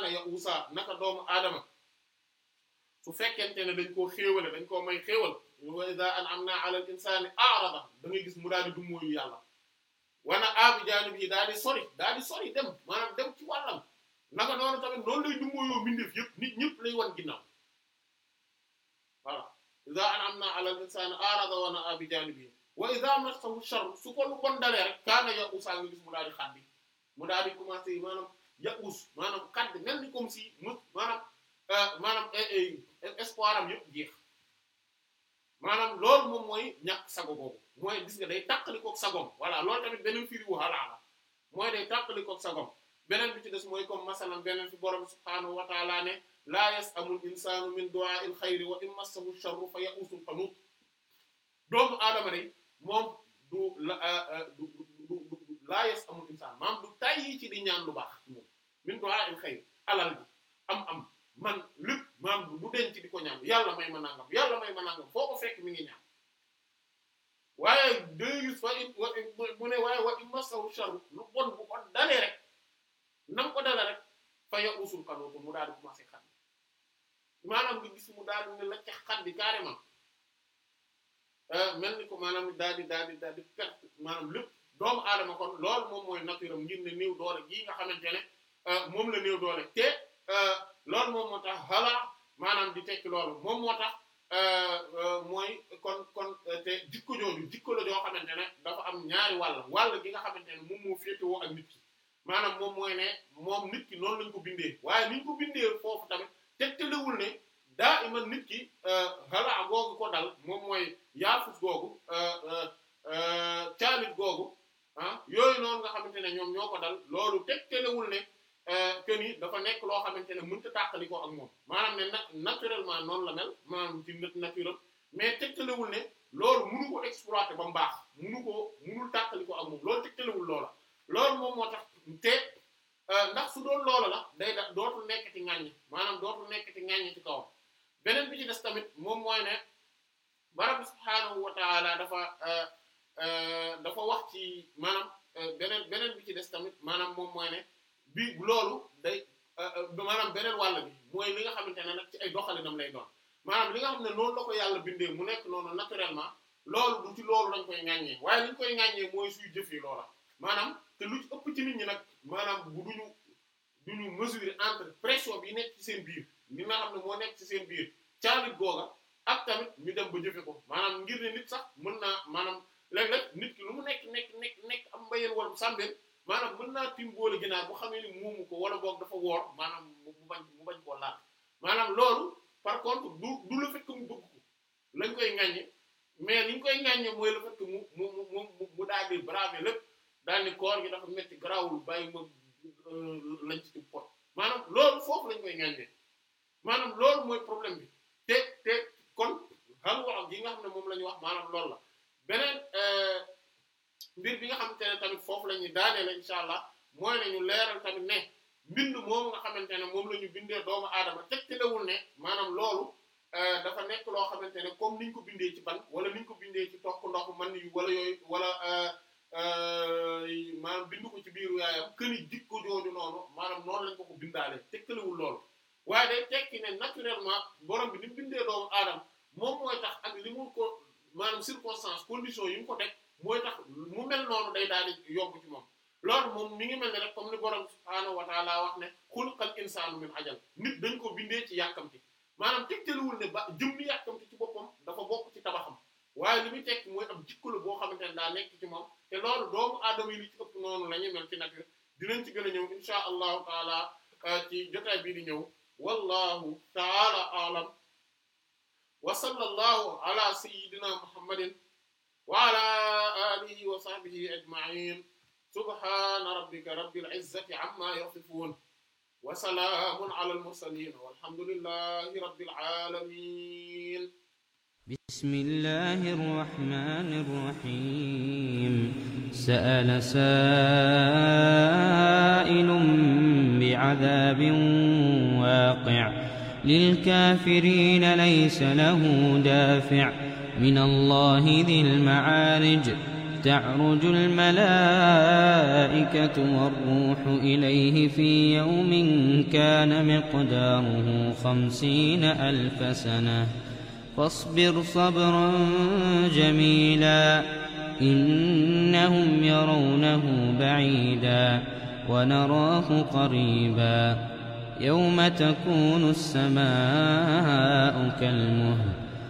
kaana ya usa naka doomu aadama su fekkente ne dañ koo xéewale dañ koo may xéewal wa idha an'amna am na insani a'rada da ngay gis mu daal di dummóoyu yàlla wana aabi jaanib yi daal di sori daal di sori dem maanaam dem ci wàllam naka noonu tamit noonu lay dummóoyoo mbindeef yëpp nit ñëpp lay wan ginnaaw voilà idha an'amna 'ala al-insani a'rada wana aabi jaanib yi wa idha massahu sharr su ko lu bon dalee rek kaana ya usa gis mu daal di xàndi mu yàquus maanaam kaddu mel comme si mu maanaam euh, maanaam eh, eh, espoir am yëpp maanaam loolu moom mooy ñàkk sago boobu mooy gis nga day tàqali koog sagom voilà loolu tamit beneen fi wu xalaa la mooy day tàqali sagom beneen bi ci des mooy comme masalan beneen fi borom subhaanahu wa taala ne laa yasamul insaanu min du'a il xayri wa in massahu sharru fa ya'usun qanut doomu aadama day moom du la euh, euh, du insaan maam du tàyyi ci di ñaan lu baax min du'a il xayr alal bi am am man lépp maam lu denc di ko ñaan yàlla may ma nangam yàlla may ma nangam foo ko fekk mi ngi ñaan waaye deux yu fa mu ne waaye wa imma saw sharu lu bon bu ko dalee rek nam ko dala rek fa ya usul ko mu daal di commencé xat maanaam nga gis mu daal ne la ca xat bi carrément ah, mel ni ko maanaam daal di daal di daal di perte maanaam lépp doomu aadama kon loolu moom mooy nature am ngir ne néew doole gii nga xamante Euh, moom la néew doole te euh, loolu moom moo tax xala maanaam di tekki loolu moom moo tax euh, mooy kon kon te jikko jooju jikko la joo xamante ne dafa am ñaari wàll wàll gi nga xamante ne moom moo féetewoo ak nit ki maanaam moom mooy ne moom nit ki noonu lañ ko bindee waaye liñ ko bindee foofu tamit tegtalewul ne daa iman nit ki xalaa googu ko dal moom mooy yaafus googu caalit googu ah yooyu noonu nga xamante ne ñoom ñoo ko dal loolu tegtalewul ne Euh, que ni dafa nekk loo xamante ne mënut a tàqali ak moom maanaam ne naturellement noonu la mel maanaam ci naturel mais tegtalewul ne loolu mënu ko exploiter ba mu baax mënu ko mënul ko ak loolu tegtalewul loola loolu moom tax te euh, ndax su doon la day da dootul nekk ci ŋàññi maanaam dootul nekk ci ŋàññi ci kawam beneen bi ci des tamit moom mooy ne barab subhaanahu la taala dafa euh, dafa wax ci maanaam beneen beneen bi ci des tamit maanaam moom bii loolu day euh, maanaam beneen wàll bi mooy li nga xamante ne nag ci ay doxalinam lay doon maanaam li nga xam ne loolu la ko yàlla bindee mu nekk noonu naturellement loolu du ci loolu lañ koy ŋàññee waaye liñ koy ŋàññee mooy suy jëf yi loola maanaam te lu ëpp ci nit ñi nag maanaam bu duñu duñu mesurer entre pression bi nekk ci seen biir li nga xam ne moo nekk ci seen biir caalit googa ak tamit ñu dem ba jëfe ko maanaam ngir ne nit sax mën naa maanaam léeg nit ki lu mu nekk nekk nekk nekk am mbayeen wala sàmbeen maanaam mën naa tim boole ginaar bu xamee ni muumu ko wala boog dafa woor maanaam mu bañ mu bañ koo laal maanaam loolu par contre du du le fait mu bëgg ko lañ koy ŋàññe mais liñ koy ŋàññe mooy le fait que mu mu mu daal di koor gi dafa métti garaawul bàyyi ma euh, lañ ci maanaam loolu foofu lañ koy ŋàññe maanaam loolu mooy problème bi te te kon xam gi nga xam ne moom la ñu wax maanaam loolu la beneen. Euh, mbir bi nga xamante ne tamit foofu la ñuy daanee la allah mooy ne ñu leeral tamit ne mbind moomu nga xamante ne moom la ñu bindee doomu aadama tegtalewul ne maanaam loolu euh, dafa nekk loo xamante ne comme niñ ko bindee ci ban wala niñ ko bindee ci tokk ndox man yu wala yooyu wala euh, euh, maanaam bind ko ci biiru yaayam këni jikko jooju maanaam noonu lañ ko ko bindaale tegtalewul loolu waaye day tekki ne naturellement borom bi ni bindee doomu aadama moom mooy tax ak li mu ko maanaam circonstance condition yi mu ko teg mooy tax mu mel noonu day daal di yomb ci moom loolu moom mi ngi mel ne rek comme ni borom subhaanahu wa wax ne xuliqal insaanu min ajal nit dañ ko bindee ci yàkkamti maanaam tegtaluwul ne ba jëmmi yàkkamti ci boppam dafa bokk ci tabaxam waaye li muy tekki mooy am jikko la boo xamante ne daa nekk ci moom te loolu doomu aadama yi li ci ëpp noonu la ñu mel ci nag dinañ ci gën a ñëw insha allahu taala euh, ci jotaay bii di ñëw wallahu taala alam wa sallallahu ala wa ala alihi wa sahbihi ajma'in subhana rabbika rabbil izzati amma yasifun wa salaamun ala al mursalin walhamdulillahi rabbil alamin bismillahir rahmanir rahim sa'ala sa'ilun bi'adabin waqi' lilkaafiriina laysa lahu daafi' من الله ذي المعارج تعرج الملائكة والروح إليه في يوم كان مقداره خمسين ألف سنة فاصبر صبرا جميلا إنهم يرونه بعيدا ونراه قريبا يوم تكون السماء كالمهل